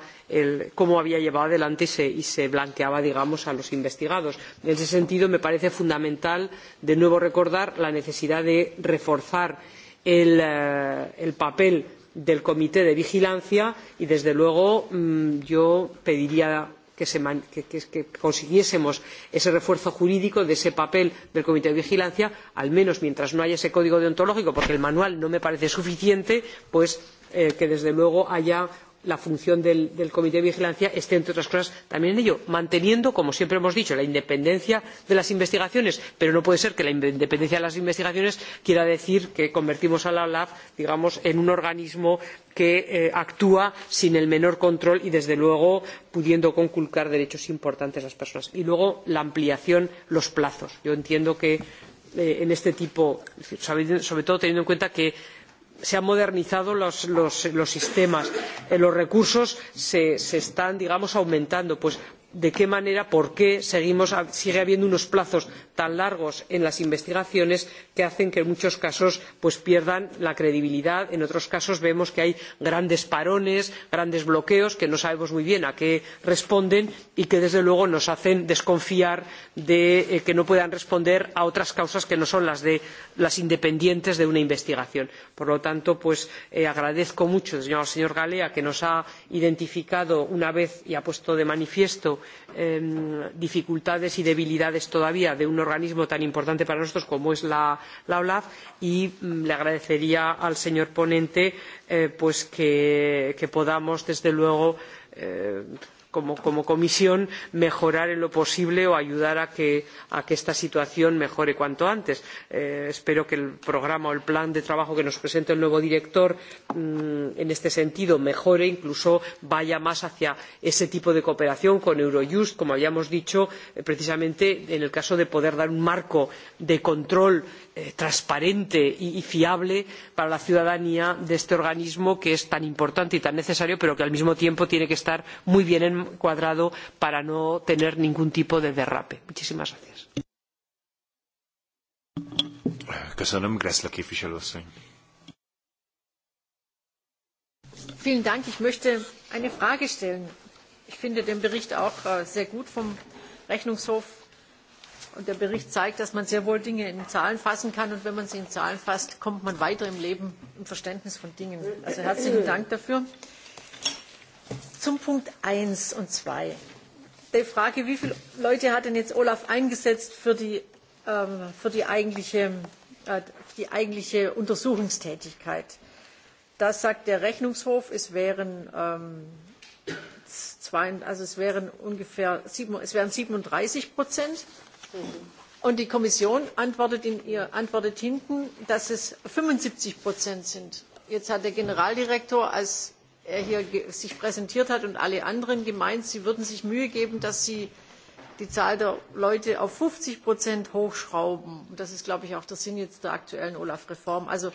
cómo había llevado adelante y se blanqueaba digamos a los investigados. en ese sentido me parece fundamental de nuevo recordar la necesidad de reforzar el eh, papel del comité de vigilancia y desde luego mm, yo pediría que consiguiésemos ese refuerzo jurídico de ese papel del comité de vigilancia al menos mientras no haya ese código deontológico porque el manual no me parece suficiente eh, que desde luego haya la función del comité de vigilancia esté entre otras cosas también en ello manteniendo como siempre hemos dicho la independencia de las investigaciones pero no puede ser que la independencia de las investigaciones quiera decir que convertimos a la olaf en un organismo que eh, actúa sin el menor control y desde luego pudiendo conculcar derechos importantes a las personas. y luego la ampliación los plazos. yo entiendo que eh, en este tipo sobre todo teniendo en cuenta que se han modernizado los sistemas eh, los recursos se están aumentando pues de qué manera por qué sigue habiendo unos plazos tan largos en las investigaciones que hacen que en muchos casos pierdan la credibilidad en otros casos vemos que hay grandes parones grandes bloqueos que no sabemos muy bien a qué responden y que desde luego nos hacen desconfiar de eh, que no puedan responder a otras causas que no son las independientes de una investigación. por lo tanto eh, agradezco mucho al señor gallagher que nos haya identificado una vez y puesto de manifiesto dificultades y debilidades todavía de un organismo tan importante para nosotros como es la olaf y mm, le agradecería al señor ponente eh, que podamos desde luego eh, como comisión mejorar en lo posible o ayudar a que esta situación mejore cuanto antes. Eh, espero que el programa o el plan de trabajo que nos presente el nuevo director mm, en este sentido mejore e incluso vaya más hacia ese tipo de cooperación con eurojust como habíamos dicho eh, precisamente en el caso de poder dar un marco de control Eh, transparente y fiable para la ciudadanía de este organismo que es tan importante y tan necesario pero que al mismo tiempo tiene que estar muy bien encuadrado para no tener ningún tipo de derrape. muchísimas gracias. Vielen Dank. Ich möchte eine Frage stellen. Ich finde den Bericht auch äh, sehr gut vom Rechnungshof und der bericht zeigt dass man sehr wohl dinge in zahlen fassen kann und wenn man sie in zahlen fasst kommt man weiter im leben im verständnis von dingen. also herzlichen dank dafür. zum punkt eins und zwei die frage wie viele leute hat denn jetzt olaf eingesetzt für die, äh, für die, eigentliche, äh, für die eigentliche untersuchungstätigkeit? Das sagt der Rechnungshof, es wären, ähm, zwei, also es wären ungefähr sieben, es wären 37 Prozent und die kommission antwortet in ihrer antwort hinten dass es fünfundsiebzig sind. jetzt hat der generaldirektor als er sich hier präsentiert hat und alle anderen gemeint sie würden sich mühe geben dass sie die zahl der leute auf fünfzig hochschrauben. das ist glaube ich auch der sinn der aktuellen olaf reform. also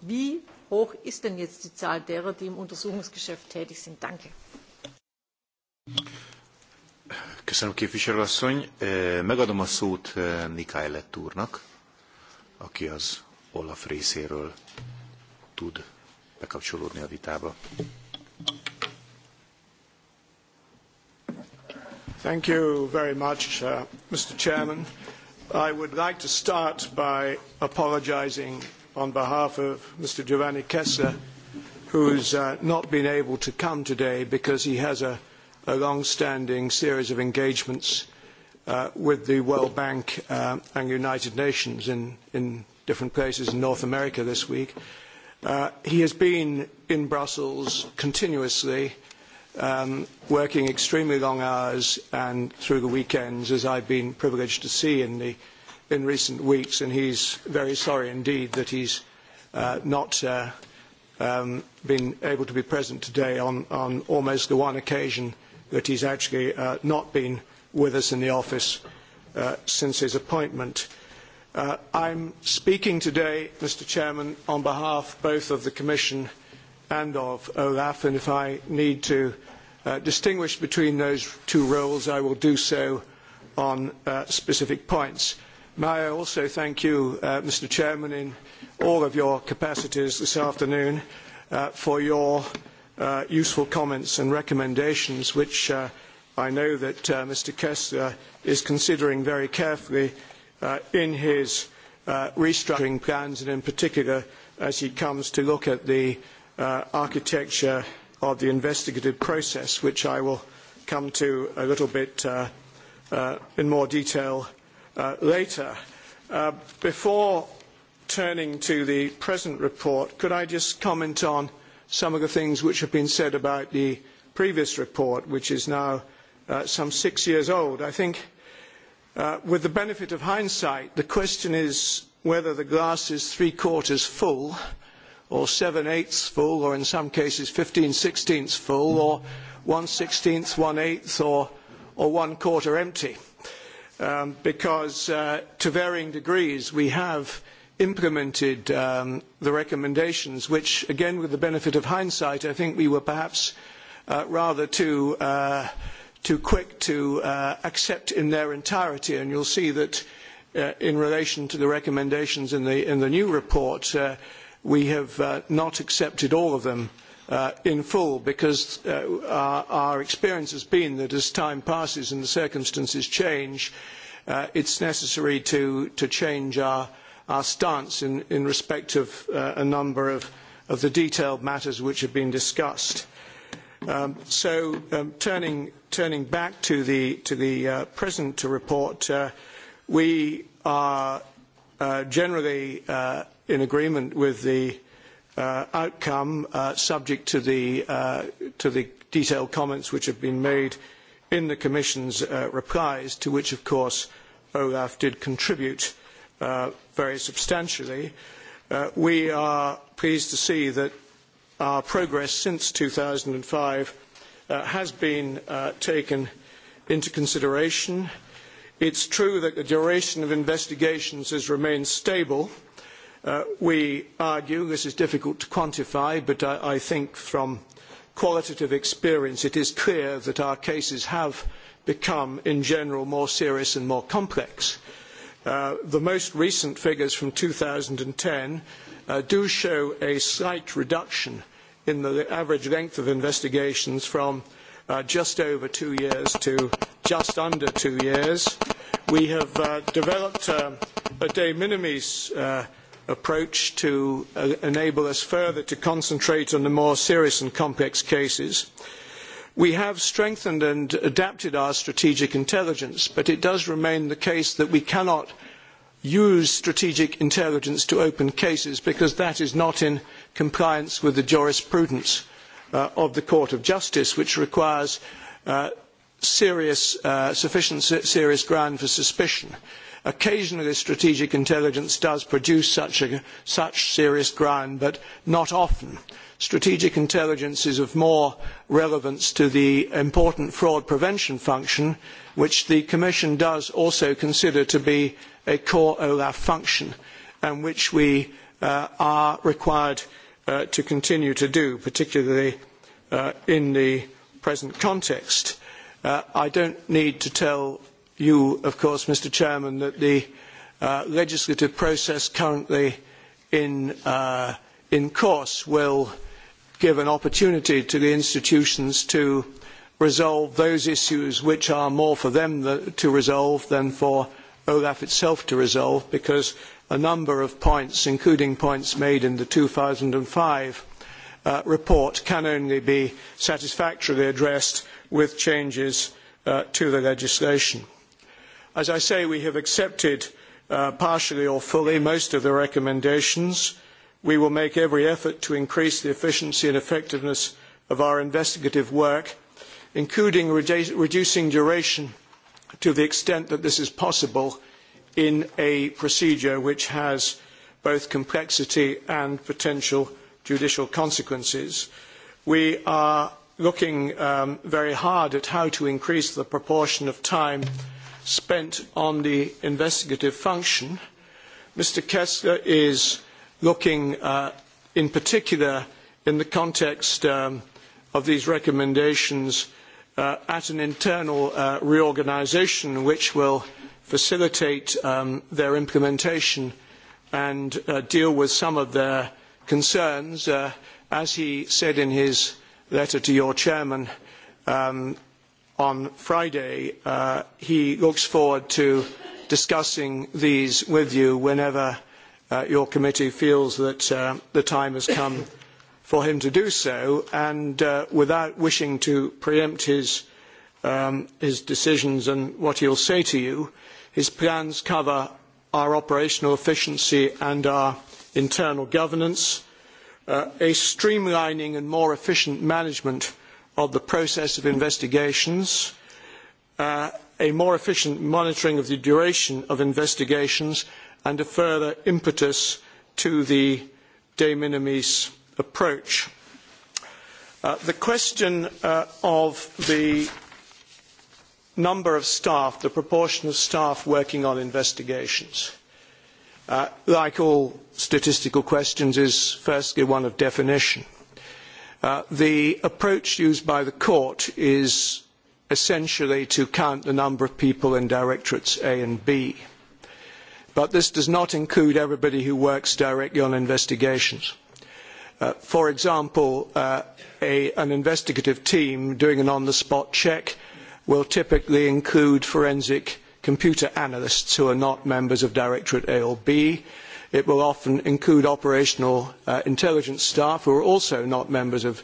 wie hoch ist denn jetzt die zahl derer die im untersuchungsgeschäft tätig sind? Köszönöm, képviselőasszony. Megadom a szót Nikájlett úrnak, aki az Olaf részéről tud bekapcsolódni a vitába. Thank you very much, uh, Mr. Chairman. I would like to start by apologizing on behalf of Mr. Giovanni Kessler, who's uh, not been able to come today because he has a a long-standing series of engagements uh, with the World Bank uh, and United Nations in, in different places in North America this week. Uh, he has been in Brussels continuously, um, working extremely long hours and through the weekends, as I've been privileged to see in, the, in recent weeks, and he's very sorry indeed that he's uh, not uh, um, been able to be present today on, on almost the one occasion uh, that he's actually uh, not been with us in the office uh, since his appointment. Uh, I'm speaking today, Mr. Chairman, on behalf both of the Commission and of OLAF, and if I need to uh, distinguish between those two roles, I will do so on uh, specific points. May I also thank you, uh, Mr. Chairman, in all of your capacities this afternoon uh, for your uh, uh, useful comments and recommendations, which uh, I know that uh, Mr. Kessler is considering very carefully uh, in his uh, restructuring plans, and in particular as he comes to look at the uh, architecture of the investigative process, which I will come to a little bit uh, uh, in more detail uh, later. Uh, before turning to the present report, could I just comment on uh, some of the things which have been said about the previous report, which is now uh, some six years old. I think, uh, with the benefit of hindsight, the question is whether the glass is three quarters full, or seven eighths full, or in some cases, 15 sixteenths full, or one sixteenth, one eighth, or, or one quarter empty. Um, because uh, to varying degrees, we have implemented um, the recommendations, which, again, with the benefit of hindsight, I think we were perhaps uh, rather too, uh, too quick to uh, accept in their entirety. And you'll see that uh, in relation to the recommendations in the, in the new report, uh, we have uh, not accepted all of them. Uh, in full, because uh, our, our experience has been that as time passes and the circumstances change, uh, it's necessary to, to change our, our stance in, in respect of uh, a number of, of the detailed matters which have been discussed. Um, so um, turning, turning back to the, to the uh, present to report, uh, we are uh, generally uh, in agreement with the uh, outcome uh, subject to the, uh, to the detailed comments which have been made in the Commission's uh, replies, to which, of course, OLAF did contribute uh, Uh, very substantially. Uh, we are pleased to see that our progress since 2005 uh, has been uh, taken into consideration. It's true that the duration of investigations has remained stable. Uh, we argue this is difficult to quantify, but I, I think from qualitative experience it is clear that our cases have become in general more serious and more complex. Uh, Uh, the most recent figures from 2010 uh, do show a slight reduction in the average length of investigations from uh, just over two years to just under two years. We have uh, developed uh, a de minimis uh, approach to uh, enable us further to concentrate on the more serious and complex cases. Uh, We have strengthened and adapted our strategic intelligence, but it does remain the case that we cannot use strategic intelligence to open cases because that is not in compliance with the jurisprudence uh, of the Court of Justice, which requires uh, serious, uh, sufficient serious ground for suspicion. Uh, occasionally strategic intelligence does produce such, a, such serious ground, but not often. Strategic intelligence is of more relevance to the important fraud prevention function, which the Commission does also consider to be a core OLAF function, and which we uh, are required uh, to continue to do, particularly uh, in the present context. Uh, I don't need to tell you, of course, Mr. Chairman, that the uh, legislative process currently in, uh, in course will give an opportunity to the institutions to resolve those issues which are more for them to resolve than for OLAF itself to resolve, because a number of points, including points made in the 2005 uh, report, can only be satisfactorily addressed with changes uh, to the legislation. As I say, we have accepted uh, partially or fully most of the recommendations. We will make every effort to increase the efficiency and effectiveness of our investigative work, including redu reducing duration to the extent that this is possible in a procedure which has both complexity and potential judicial consequences. We are looking um, very hard at how to increase the proportion of time mm -hmm spent on the investigative function. Mr. Kessler is looking uh, in particular in the context um, of these recommendations uh, at an internal uh, reorganization which will facilitate um, their implementation and uh, deal with some of their concerns. Uh, as he said in his letter to your chairman, um, on Friday, uh, he looks forward to discussing these with you whenever uh, your committee feels that uh, the time has come for him to do so. And uh, without wishing to preempt his, um, his decisions and what he'll say to you, his plans cover our operational efficiency and our internal governance, uh, a streamlining and more efficient management uh, of the process of investigations, uh, a more efficient monitoring of the duration of investigations, and a further impetus to the de minimis approach. Uh, the question uh, of the number of staff, the proportion of staff working on investigations, uh, like all statistical questions, is firstly one of definition. Uh, the approach used by the court is essentially to count the number of people in directorates A and B. But this does not include everybody who works directly on investigations. Uh, for example, uh, a, an investigative team doing an on-the-spot check will typically include forensic computer analysts who are not members of Directorate A or B, uh, It will often include operational uh, intelligence staff who are also not members of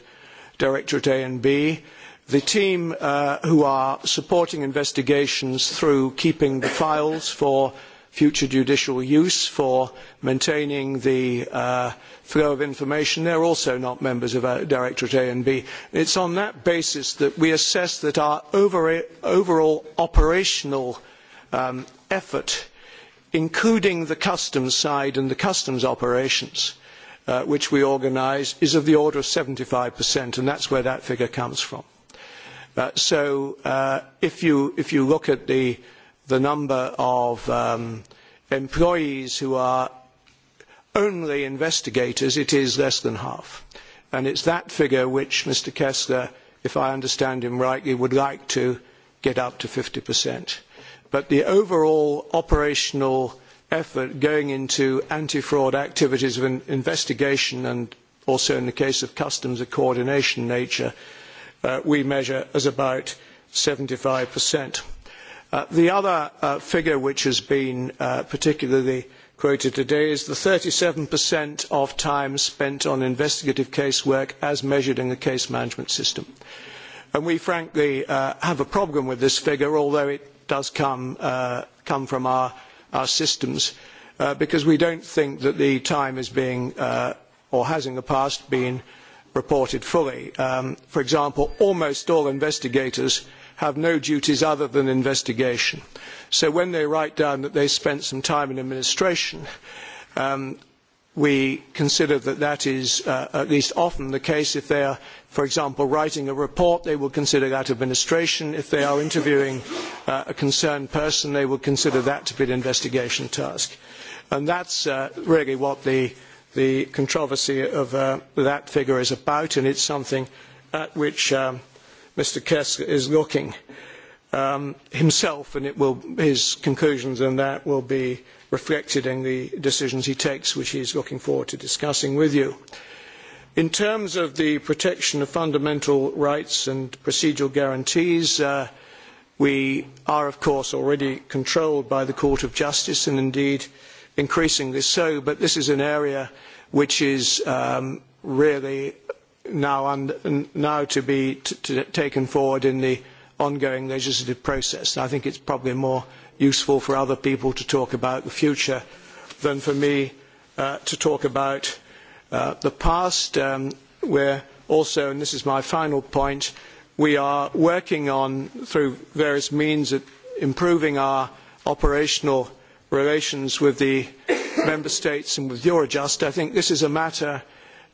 Directorate A and B. The team uh, who are supporting investigations through keeping the files for future judicial use, for maintaining the uh, flow of information, they're also not members of our uh, Directorate A and B. It's on that basis that we assess that our over- overall operational um, effort uh, including the customs side and the customs operations, uh, which we organise, is of the order of 75%, and that's where that figure comes from. Uh, so uh, if, you, if you look at the, the number of um, employees who are only investigators, it is less than half. And it's that figure which Mr Kessler, if I understand him rightly, would like to get up to 50% but the overall operational effort going into anti-fraud activities of an investigation and also in the case of customs of coordination nature, uh, we measure as about 75%. Uh, the other uh, figure which has been uh, particularly quoted today is the 37% of time spent on investigative casework as measured in the case management system. And we frankly uh, have a problem with this figure, although it does uh, come from our systems uh, because we don't think that the time is being uh, or has in the past been reported fully. Um, for example, almost all investigators have no duties other than investigation. When they write down that they spent some time in administration, um, we consider that that is uh, at least often the case if they are, for example, writing a report, they will consider that administration. If they are interviewing uh, a concerned person, they will consider that to be an investigation task. And that's uh, really what the, the controversy of uh, that figure is about, and it's something at which um, Mr. Kesk is looking um, himself, and it will, his conclusions and that will be reflected in the decisions he takes, which he's looking forward to discussing with you. In terms of the protection of fundamental rights and procedural guarantees, uh, we are, of course, already controlled by the Court of Justice, and indeed increasingly so, but this is an area which is um, really now, un- now to be t- t- taken forward in the ongoing legislative process. I think it's probably a more useful for other people to talk about the future than for me uh, to talk about uh, the past. Um, we're also, and this is my final point, we are working on, through various means, at improving our operational relations with the member states and with Eurojust. I think this is a matter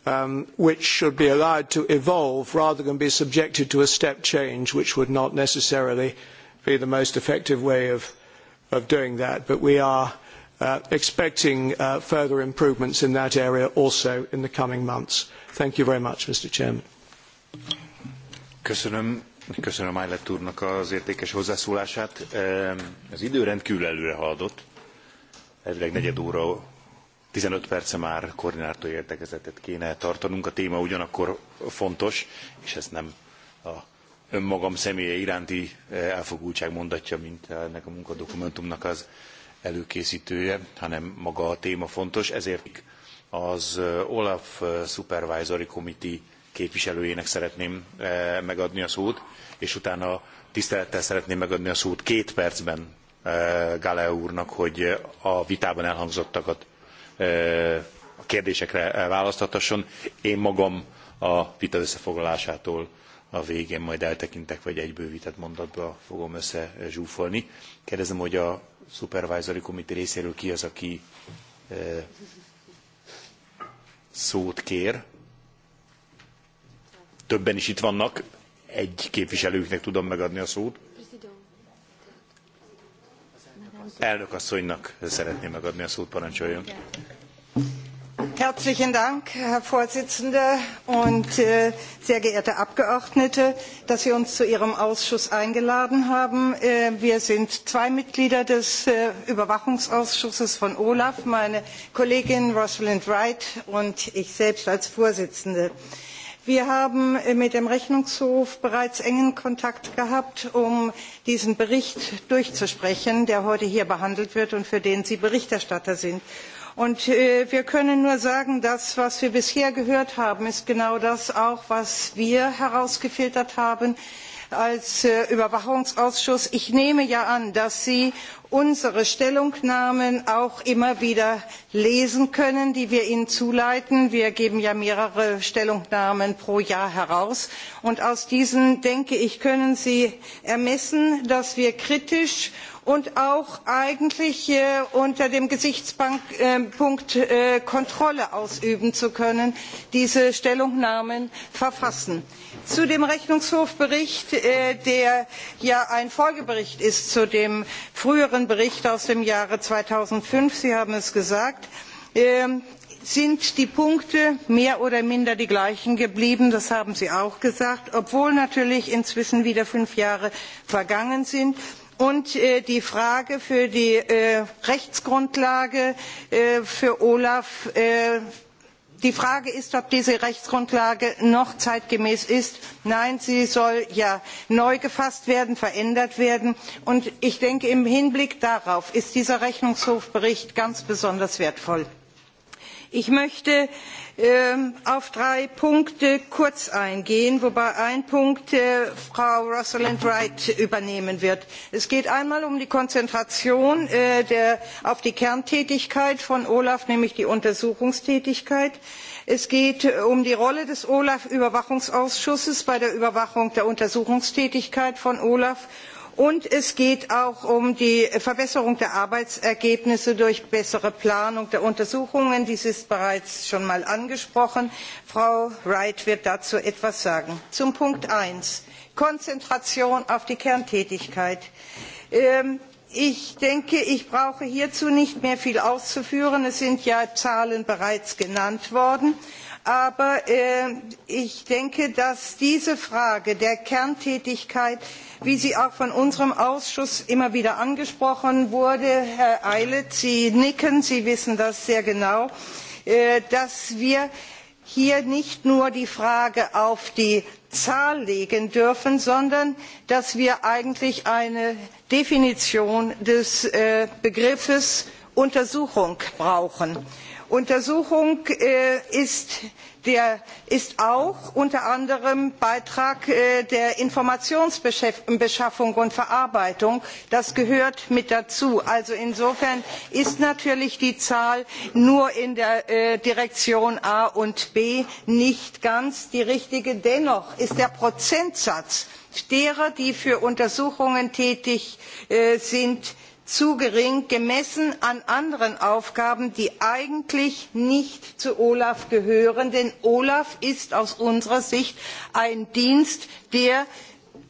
um, which should be allowed to evolve rather than be subjected to a step change, which would not necessarily be the most effective way of of doing that, but we are uh, expecting uh, further improvements in that area also in the coming months. Thank you very much, Mr. Chairman. Köszönöm. Köszönöm Eilert úrnak az értékes hozzászólását. Ez időrend kül előrehaladott. Elvileg negyed óra, 15 perce már koordinátori értekezletet kéne tartanunk. A téma ugyanakkor fontos, és ezt nem a önmagam személye iránti e, elfogultság mondatja, mint e, ennek a munkadokumentumnak az előkészítője, hanem maga a téma fontos. Ezért az e, Olaf Supervisory Committee képviselőjének szeretném megadni a szót, és utána tisztelettel szeretném megadni a szót két percben Gale úrnak, hogy a vitában elhangzottakat a kérdésekre választhatasson. Én magam a vita összefoglalásától a végén majd eltekintek, vagy egy bővített mondatba fogom össze eh, zsúfolni. Kérdezem, hogy a Supervisory Committee részéről ki az, aki e, szót kér. Többen is itt vannak, egy képviselőknek tudom megadni a szót. Elnök asszonynak szeretném megadni a szót, parancsoljon. Igen. Herzlichen Dank, Herr Vorsitzender und äh, sehr geehrte Abgeordnete, dass Sie uns zu Ihrem Ausschuss eingeladen haben. Äh, wir sind zwei Mitglieder des äh, Überwachungsausschusses von Olaf, meine Kollegin Rosalind Wright und ich selbst als Vorsitzende. Wir haben äh, mit dem Rechnungshof bereits engen Kontakt gehabt, um diesen Bericht durchzusprechen, der heute hier behandelt wird und für den Sie Berichterstatter sind. Und äh, wir können nur sagen, das, was wir bisher gehört haben, ist genau das auch, was wir herausgefiltert haben als äh, Überwachungsausschuss. Ich nehme ja an, dass Sie unsere Stellungnahmen auch immer wieder lesen können, die wir Ihnen zuleiten. Wir geben ja mehrere Stellungnahmen pro Jahr heraus. Und aus diesen, denke ich, können Sie ermessen, dass wir kritisch und auch eigentlich äh, unter dem gesichtspunkt äh, äh, kontrolle ausüben zu können diese stellungnahmen verfassen. zu dem rechnungshofbericht der ja ein folgebericht ist zu dem früheren bericht aus dem jahre zweitausendfünf sie haben es gesagt ähm, sind die punkte mehr oder minder die gleichen geblieben das haben sie auch gesagt obwohl natürlich inzwischen wieder fünf jahre vergangen sind und äh, die frage für die äh, rechtsgrundlage äh, für olaf die frage ist ob diese rechtsgrundlage noch zeitgemäß ist. nein sie soll ja neu gefasst werden verändert werden und ich denke im hinblick darauf ist dieser rechnungshofbericht ganz besonders wertvoll. Ich möchte ähm, auf drei Punkte kurz eingehen, wobei ein Punkt äh, Frau Rosalind Wright übernehmen wird. Es geht einmal um die Konzentration äh, der, auf die Kerntätigkeit von Olaf, nämlich die Untersuchungstätigkeit. Es geht äh, um die Rolle des Olaf-Überwachungsausschusses bei der Überwachung der Untersuchungstätigkeit von Olaf und es geht auch um die verbesserung der arbeitsergebnisse durch bessere planung der untersuchungen dies ist bereits schon einmal angesprochen worden frau wright wird dazu etwas sagen. zu punkt eins konzentration auf die kerntätigkeit. Ähm, ich denke ich brauche hierzu nicht mehr viel auszuführen es sind ja zahlen bereits genannt worden aber äh, ich denke dass diese frage der kerntätigkeit wie sie auch von unserem ausschuss immer wieder angesprochen wurde herr eilert sie nicken sie wissen das sehr genau äh, dass wir hier nicht nur die frage auf die zahl legen dürfen sondern dass wir eigentlich eine definition des äh, begriffs untersuchung brauchen untersuchung äh, ist auch unter anderem beitrag äh, der informationsbeschaffung und verarbeitung das gehört mit dazu. also insofern ist natürlich die zahl nur in der äh, direktion a und b nicht ganz die richtige. dennoch ist der prozentsatz derer die für untersuchungen tätig sind zu gering gemessen an anderen aufgaben die eigentlich nicht zu olaf gehören denn olaf ist aus unserer sicht ein dienst der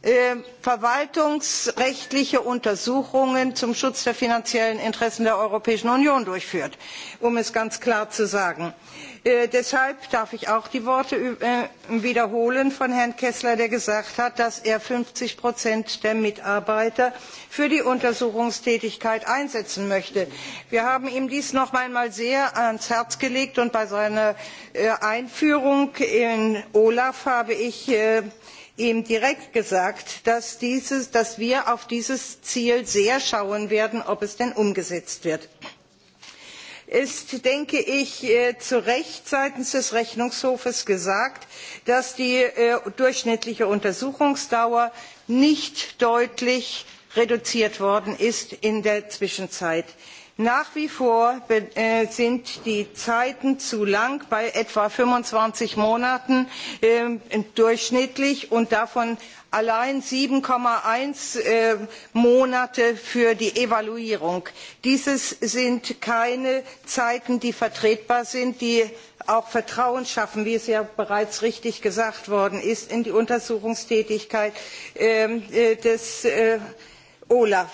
ähm, verwaltungsrechtliche untersuchungen zum schutz der finanziellen interessen der europäischen union durchführt um es ganz klar zu sagen. Äh, deshalb darf ich auch die worte äh, wiederholen von herrn kessler der gesagt hat dass er fünfzig der mitarbeiter für die untersuchungstätigkeit einsetzen möchte. wir haben ihm dies noch einmal sehr ans herz gelegt und bei seiner äh, einführung im olaf habe ich ihm direkt gesagt dass wir auf dieses ziel sehr schauen werden ob es denn umgesetzt wird ist denke ich äh, zu recht seitens des rechnungshofs gesagt dass die äh, durchschnittliche untersuchungsdauer nicht deutlich reduziert worden ist in der zwischenzeit. Nach wie vor äh, sind die Zeiten zu lang bei etwa 25 Monaten ähm, durchschnittlich und davon allein 7,1 äh, Monate für die Evaluierung. Dieses sind keine Zeiten, die vertretbar sind, die auch Vertrauen schaffen, wie es ja bereits richtig gesagt worden ist, in die Untersuchungstätigkeit ähm, äh, des Olaf.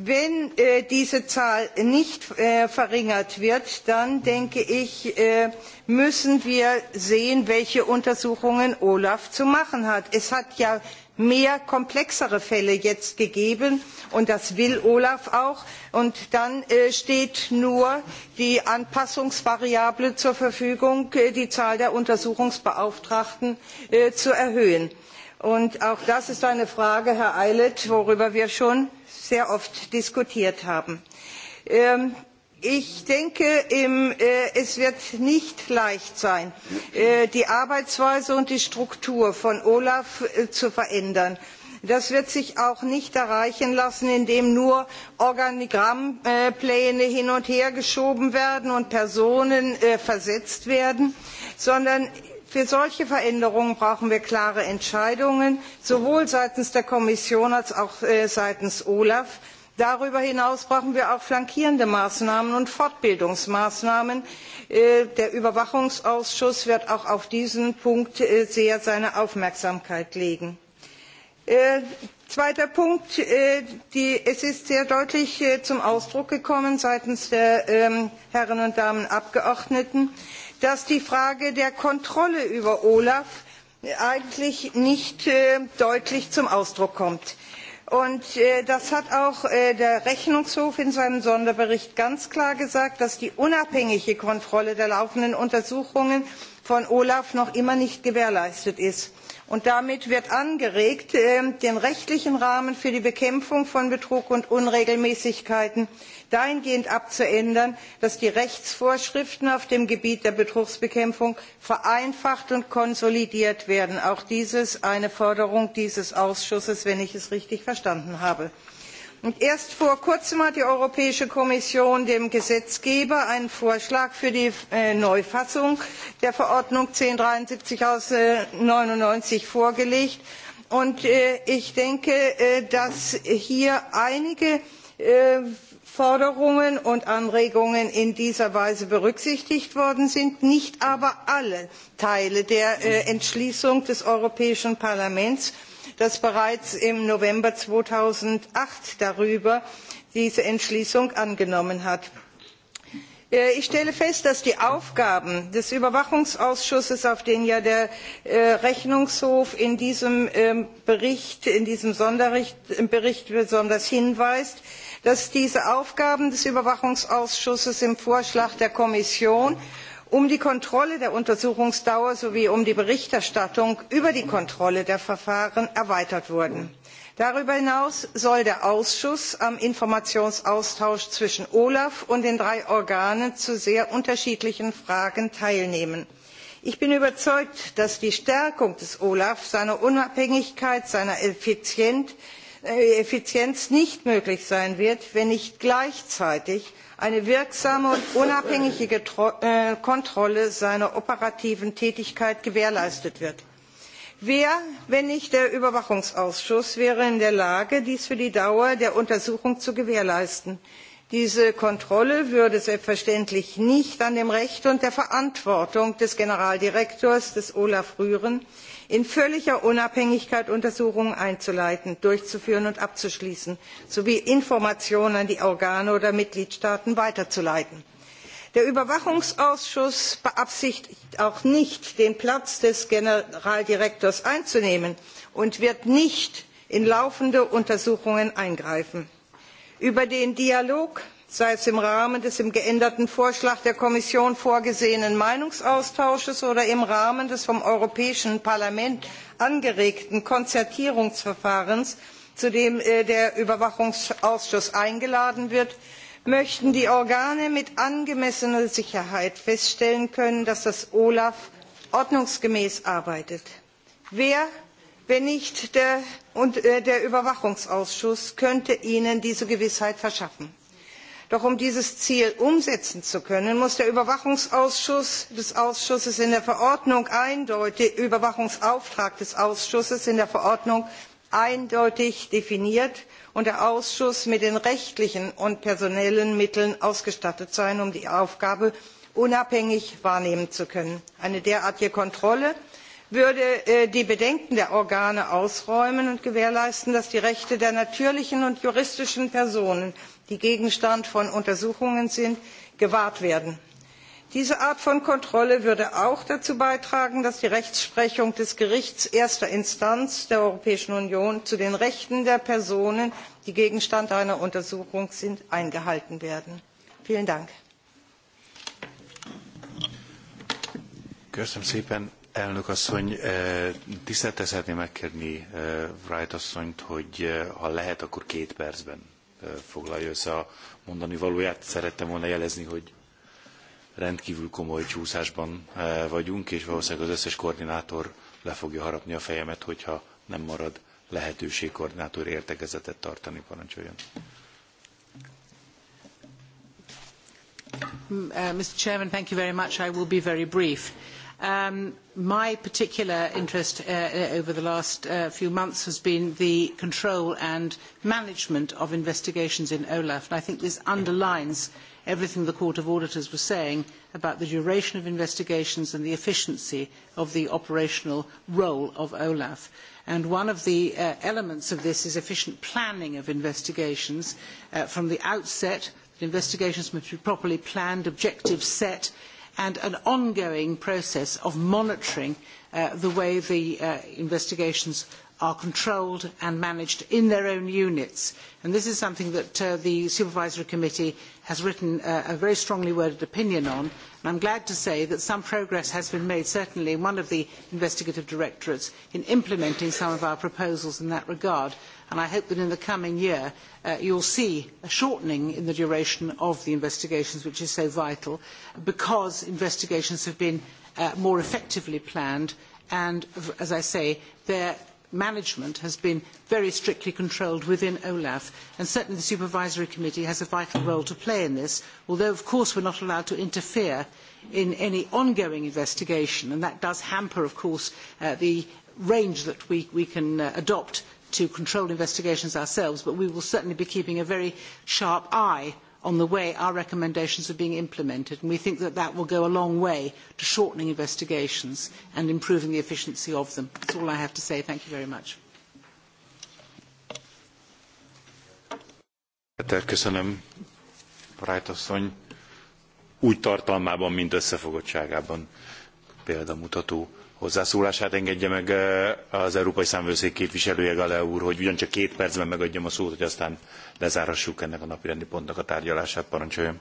Wenn äh, diese Zahl nicht äh, verringert wird, dann denke ich, äh, müssen wir sehen, welche Untersuchungen Olaf zu machen hat. Es hat ja mehr komplexere Fälle jetzt gegeben und das will Olaf auch. Und dann äh, steht nur die Anpassungsvariable zur Verfügung, äh, die Zahl der Untersuchungsbeauftragten äh, zu erhöhen. Und auch das ist eine Frage, Herr Eilert, worüber wir schon sehr oft diskutiert haben. Ähm, ich denke, äh, es wird nicht leicht sein, äh, die Arbeitsweise und die Struktur von Olaf äh, zu verändern. Das wird sich auch nicht erreichen lassen, indem nur Organigrammpläne hin und her geschoben werden und Personen versetzt werden, sondern für solche veränderungen brauchen wir klare entscheidungen sowohl seitens der kommission als auch äh, seitens des olaf. darüber hinaus brauchen wir auch flankierende maßnahmen und fortbildungsmaßnahmen. Äh, der überwachungsausschuss wird auch auf diesen punkt äh, sehr seine aufmerksamkeit legen. zweiter punkt es ist sehr deutlich zum ausdruck gekommen seitens der ähm, herren und damen abgeordneten dass die frage der kontrolle über olaf eigentlich nicht äh, deutlich zum ausdruck kommt. Äh, das hat auch äh, der rechnungshof in seinem sonderbericht ganz klar gesagt dass die unabhängige kontrolle der laufenden untersuchungen von olaf noch immer nicht gewährleistet ist und damit wird angeregt ähm, den rechtlichen rahmen für die bekämpfung von betrug und unregelmäßigkeiten dahingehend abzuändern dass die rechtsvorschriften auf dem gebiet der betrugsbekämpfung vereinfacht und konsolidiert werden. auch dies ist eine forderung dieses ausschusses wenn ich es richtig verstanden habe erst vor kurzem hat die europäische kommission dem gesetzgeber einen vorschlag für die äh, neufassung der verordnung einhundertdreiundsiebzig einhundertneunundneunzig äh, vorgelegt und äh, ich denke dass hier einige forderungen und anregungen in dieser weise berücksichtigt worden sind nicht aber alle teile der entschließung des europäischen parlaments dass bereits im november zweitausendacht darüber diese entschließung angenommen hat. Äh, ich stelle fest dass die aufgaben des überwachungsausschusses auf den ja der äh, rechnungshof in diesem ähm, bericht in diesem sonderbericht besonders hinweist dass diese aufgaben des überwachungsausschusses im vorschlag der kommission um die kontrolle der untersuchungsdauer sowie um die berichterstattung über die kontrolle der verfahren erweitert wurden. darüber hinaus soll der ausschuss am informationsaustausch zwischen olaf und den drei organen zu sehr unterschiedlichen fragen teilnehmen. ich bin überzeugt dass die stärkung des olaf seiner unabhängigkeit seiner effizienz Äh, effizienz nicht möglich sein wird wenn nicht gleichzeitig eine wirksame und unabhängige äh, kontrolle seiner operativen tätigkeit gewährleistet wird. wer wenn nicht der überwachungsausschuss wäre in der lage dies für die dauer der untersuchung zu gewährleisten? diese kontrolle würde selbstverständlich nicht an dem recht und der verantwortung des generaldirektors des olaf rühren in völliger unabhängigkeit untersuchungen einzuleiten durchzuführen und abzuschließen sowie informationen an die organe oder mitgliedstaaten weiterzuleiten. der überwachungsausschuss beabsichtigt auch nicht den platz des generaldirektors einzunehmen und wird nicht in laufende untersuchungen eingreifen. über den dialog sei es im rahmen des im geänderten vorschlag der kommission vorgesehenen meinungsaustauschs oder im rahmen des vom europäischen parlament angeregten konzertierungsverfahrens zu dem äh, der überwachungsausschuss eingeladen wird möchten die organe mit angemessener sicherheit feststellen können dass das olaf ordnungsgemäß arbeitet. wer wenn nicht der äh, überwachungsausschuss könnte ihnen diese gewissheit verschaffen? doch um dieses ziel umsetzen zu können muss der überwachungsausschuss des ausschusses in der verordnung überwachungsauftrag des ausschusses in der verordnung eindeutig definiert und der ausschuss mit den rechtlichen und personellen mitteln ausgestattet sein um die aufgabe unabhängig wahrnehmen zu können. eine derartige kontrolle würde äh, die bedenken der organe ausräumen und gewährleisten dass die rechte der natürlichen und juristischen personen die gegenstand von untersuchungen sind gewahrt werden. diese art von kontrolle würde auch dazu beitragen dass die rechtsprechung des gerichts erster instanz der europäischen union zu den rechten der personen die gegenstand einer untersuchung sind eingehalten wird. Elnök asszony, eh, tisztelte szeretném megkérni eh, Wright asszonyt, hogy eh, ha lehet, akkor két percben foglalja össze a mondani valóját. Szerettem volna jelezni, hogy rendkívül komoly csúszásban vagyunk, és valószínűleg az összes koordinátor le fogja harapni a fejemet, hogyha nem marad lehetőség koordinátor értekezetet tartani, parancsoljon. Uh, mm, Mr. Chairman, thank you very much. I will be very brief. Um, my particular interest uh, uh, over the last uh, few months has been the control and management of investigations in OLAF. And I think this underlines everything the Court of Auditors was saying about the duration of investigations and the efficiency of the operational role of OLAF. And one of the uh, elements of this is efficient planning of investigations. Uh, from the outset, the investigations must be properly planned, objectives set, and an ongoing process of monitoring uh, the way the uh, investigations are controlled and managed in their own units. And this is something that uh, the Supervisory Committee has written uh, a very strongly worded opinion on. And I'm glad to say that some progress has been made, certainly in one of the investigative directorates, in implementing some of our proposals in that regard and I hope that in the coming year uh, you'll see a shortening in the duration of the investigations, which is so vital, because investigations have been uh, more effectively planned, and as I say, their management has been very strictly controlled within OLAF, and certainly the Supervisory Committee has a vital role to play in this, although of course we're not allowed to interfere in any ongoing investigation, and that does hamper, of course, uh, the range that we, we can uh, adopt to control investigations ourselves, but we will certainly be keeping a very sharp eye on the way our recommendations are being implemented. And we think that that will go a long way to shortening investigations and improving the efficiency of them. That's all I have to say. Thank you very much. Köszönöm, Wright asszony. Úgy tartalmában, mint összefogottságában példamutató hozzászólását engedje meg eh, az Európai Számvőszék képviselője Gale úr, hogy ugyancsak két percben megadjam a szót, hogy aztán lezárassuk ennek a napi rendi pontnak a tárgyalását, parancsoljam.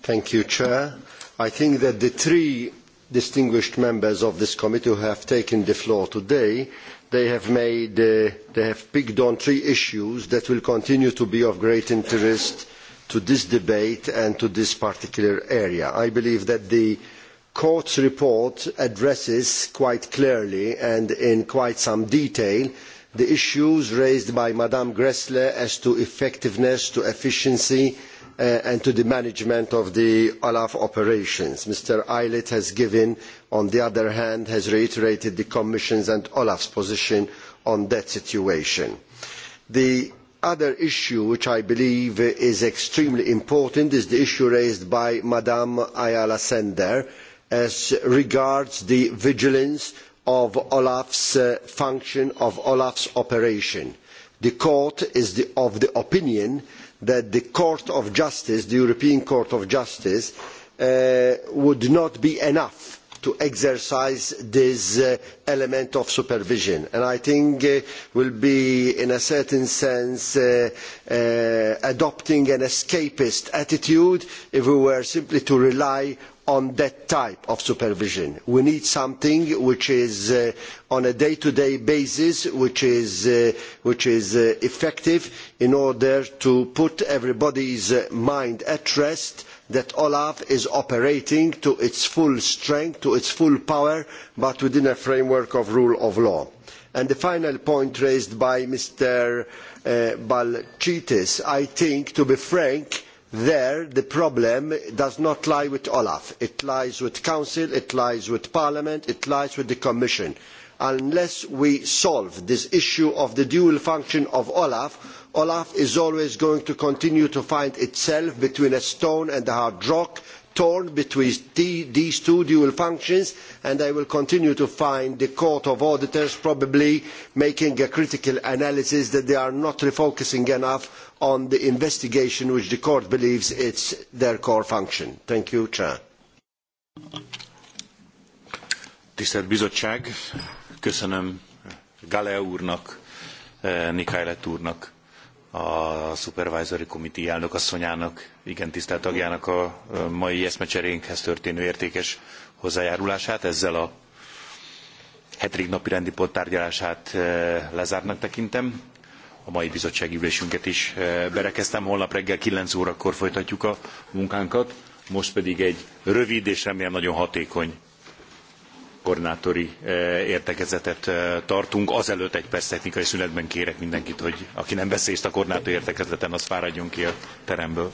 Thank you, Chair. I think that the three distinguished members of this committee who have taken the floor today, they have, made, uh, they have picked on three issues that will continue to be of great interest to this debate and to this particular area. I believe that the court's report addresses quite clearly and in quite some detail the issues raised by Madame Gressler as to effectiveness, to efficiency uh, and to the management of the Olaf operations. Mr Eilert has given, on the other hand, has reiterated the Commission's and Olaf's position on that situation. The other issue which i believe is extremely important is the issue raised by ms ayala sender as regards the vigilance of olaf's uh, function of olaf's operation. the court is of the opinion that the court of justice the european court of justice uh, would not be enough to exercise this uh, element of supervision. And I think it uh, will be, in a certain sense, uh, uh, adopting an escapist attitude if we were simply to rely on that type of supervision. We need something which is uh, on a day-to-day -day basis, which is, uh, which is uh, effective in order to put everybody's uh, mind at rest uh, that olaf is operating to its full strength to its full power but within a framework of rule of law. the final point raised by mr uh, balytis i think to be frank there the problem does not lie with olaf it lies with the council it lies with parliament it lies with the commission. unless we solve this issue of the dual function of olaf olaf is always going to continue to find itself between a stone and a hard rock torn between these two dual functions and i will continue to find the court of auditors probably making a critical analysis that they are not refocusing enough on the investigation which the court believes is their core function. thank you, chair. Tisztelt bizottság, köszönöm Gale úrnak, Nikájlet eh, úrnak a szupervájzori komiti elnökasszonyának, igen tisztelt tagjának a mai eszmecserénkhez történő értékes hozzájárulását, ezzel a hetedik napi rendi pont tárgyalását lezártnak tekintem. A mai bizottsági ülésünket is berekeztem, holnap reggel 9 órakor folytatjuk a munkánkat, most pedig egy rövid és remélem nagyon hatékony koordinátori eh, értekezetet eh, tartunk. Azelőtt egy perc technikai szünetben kérek mindenkit, hogy aki nem beszélt a koordinátori értekezeten, az fáradjon ki a teremből.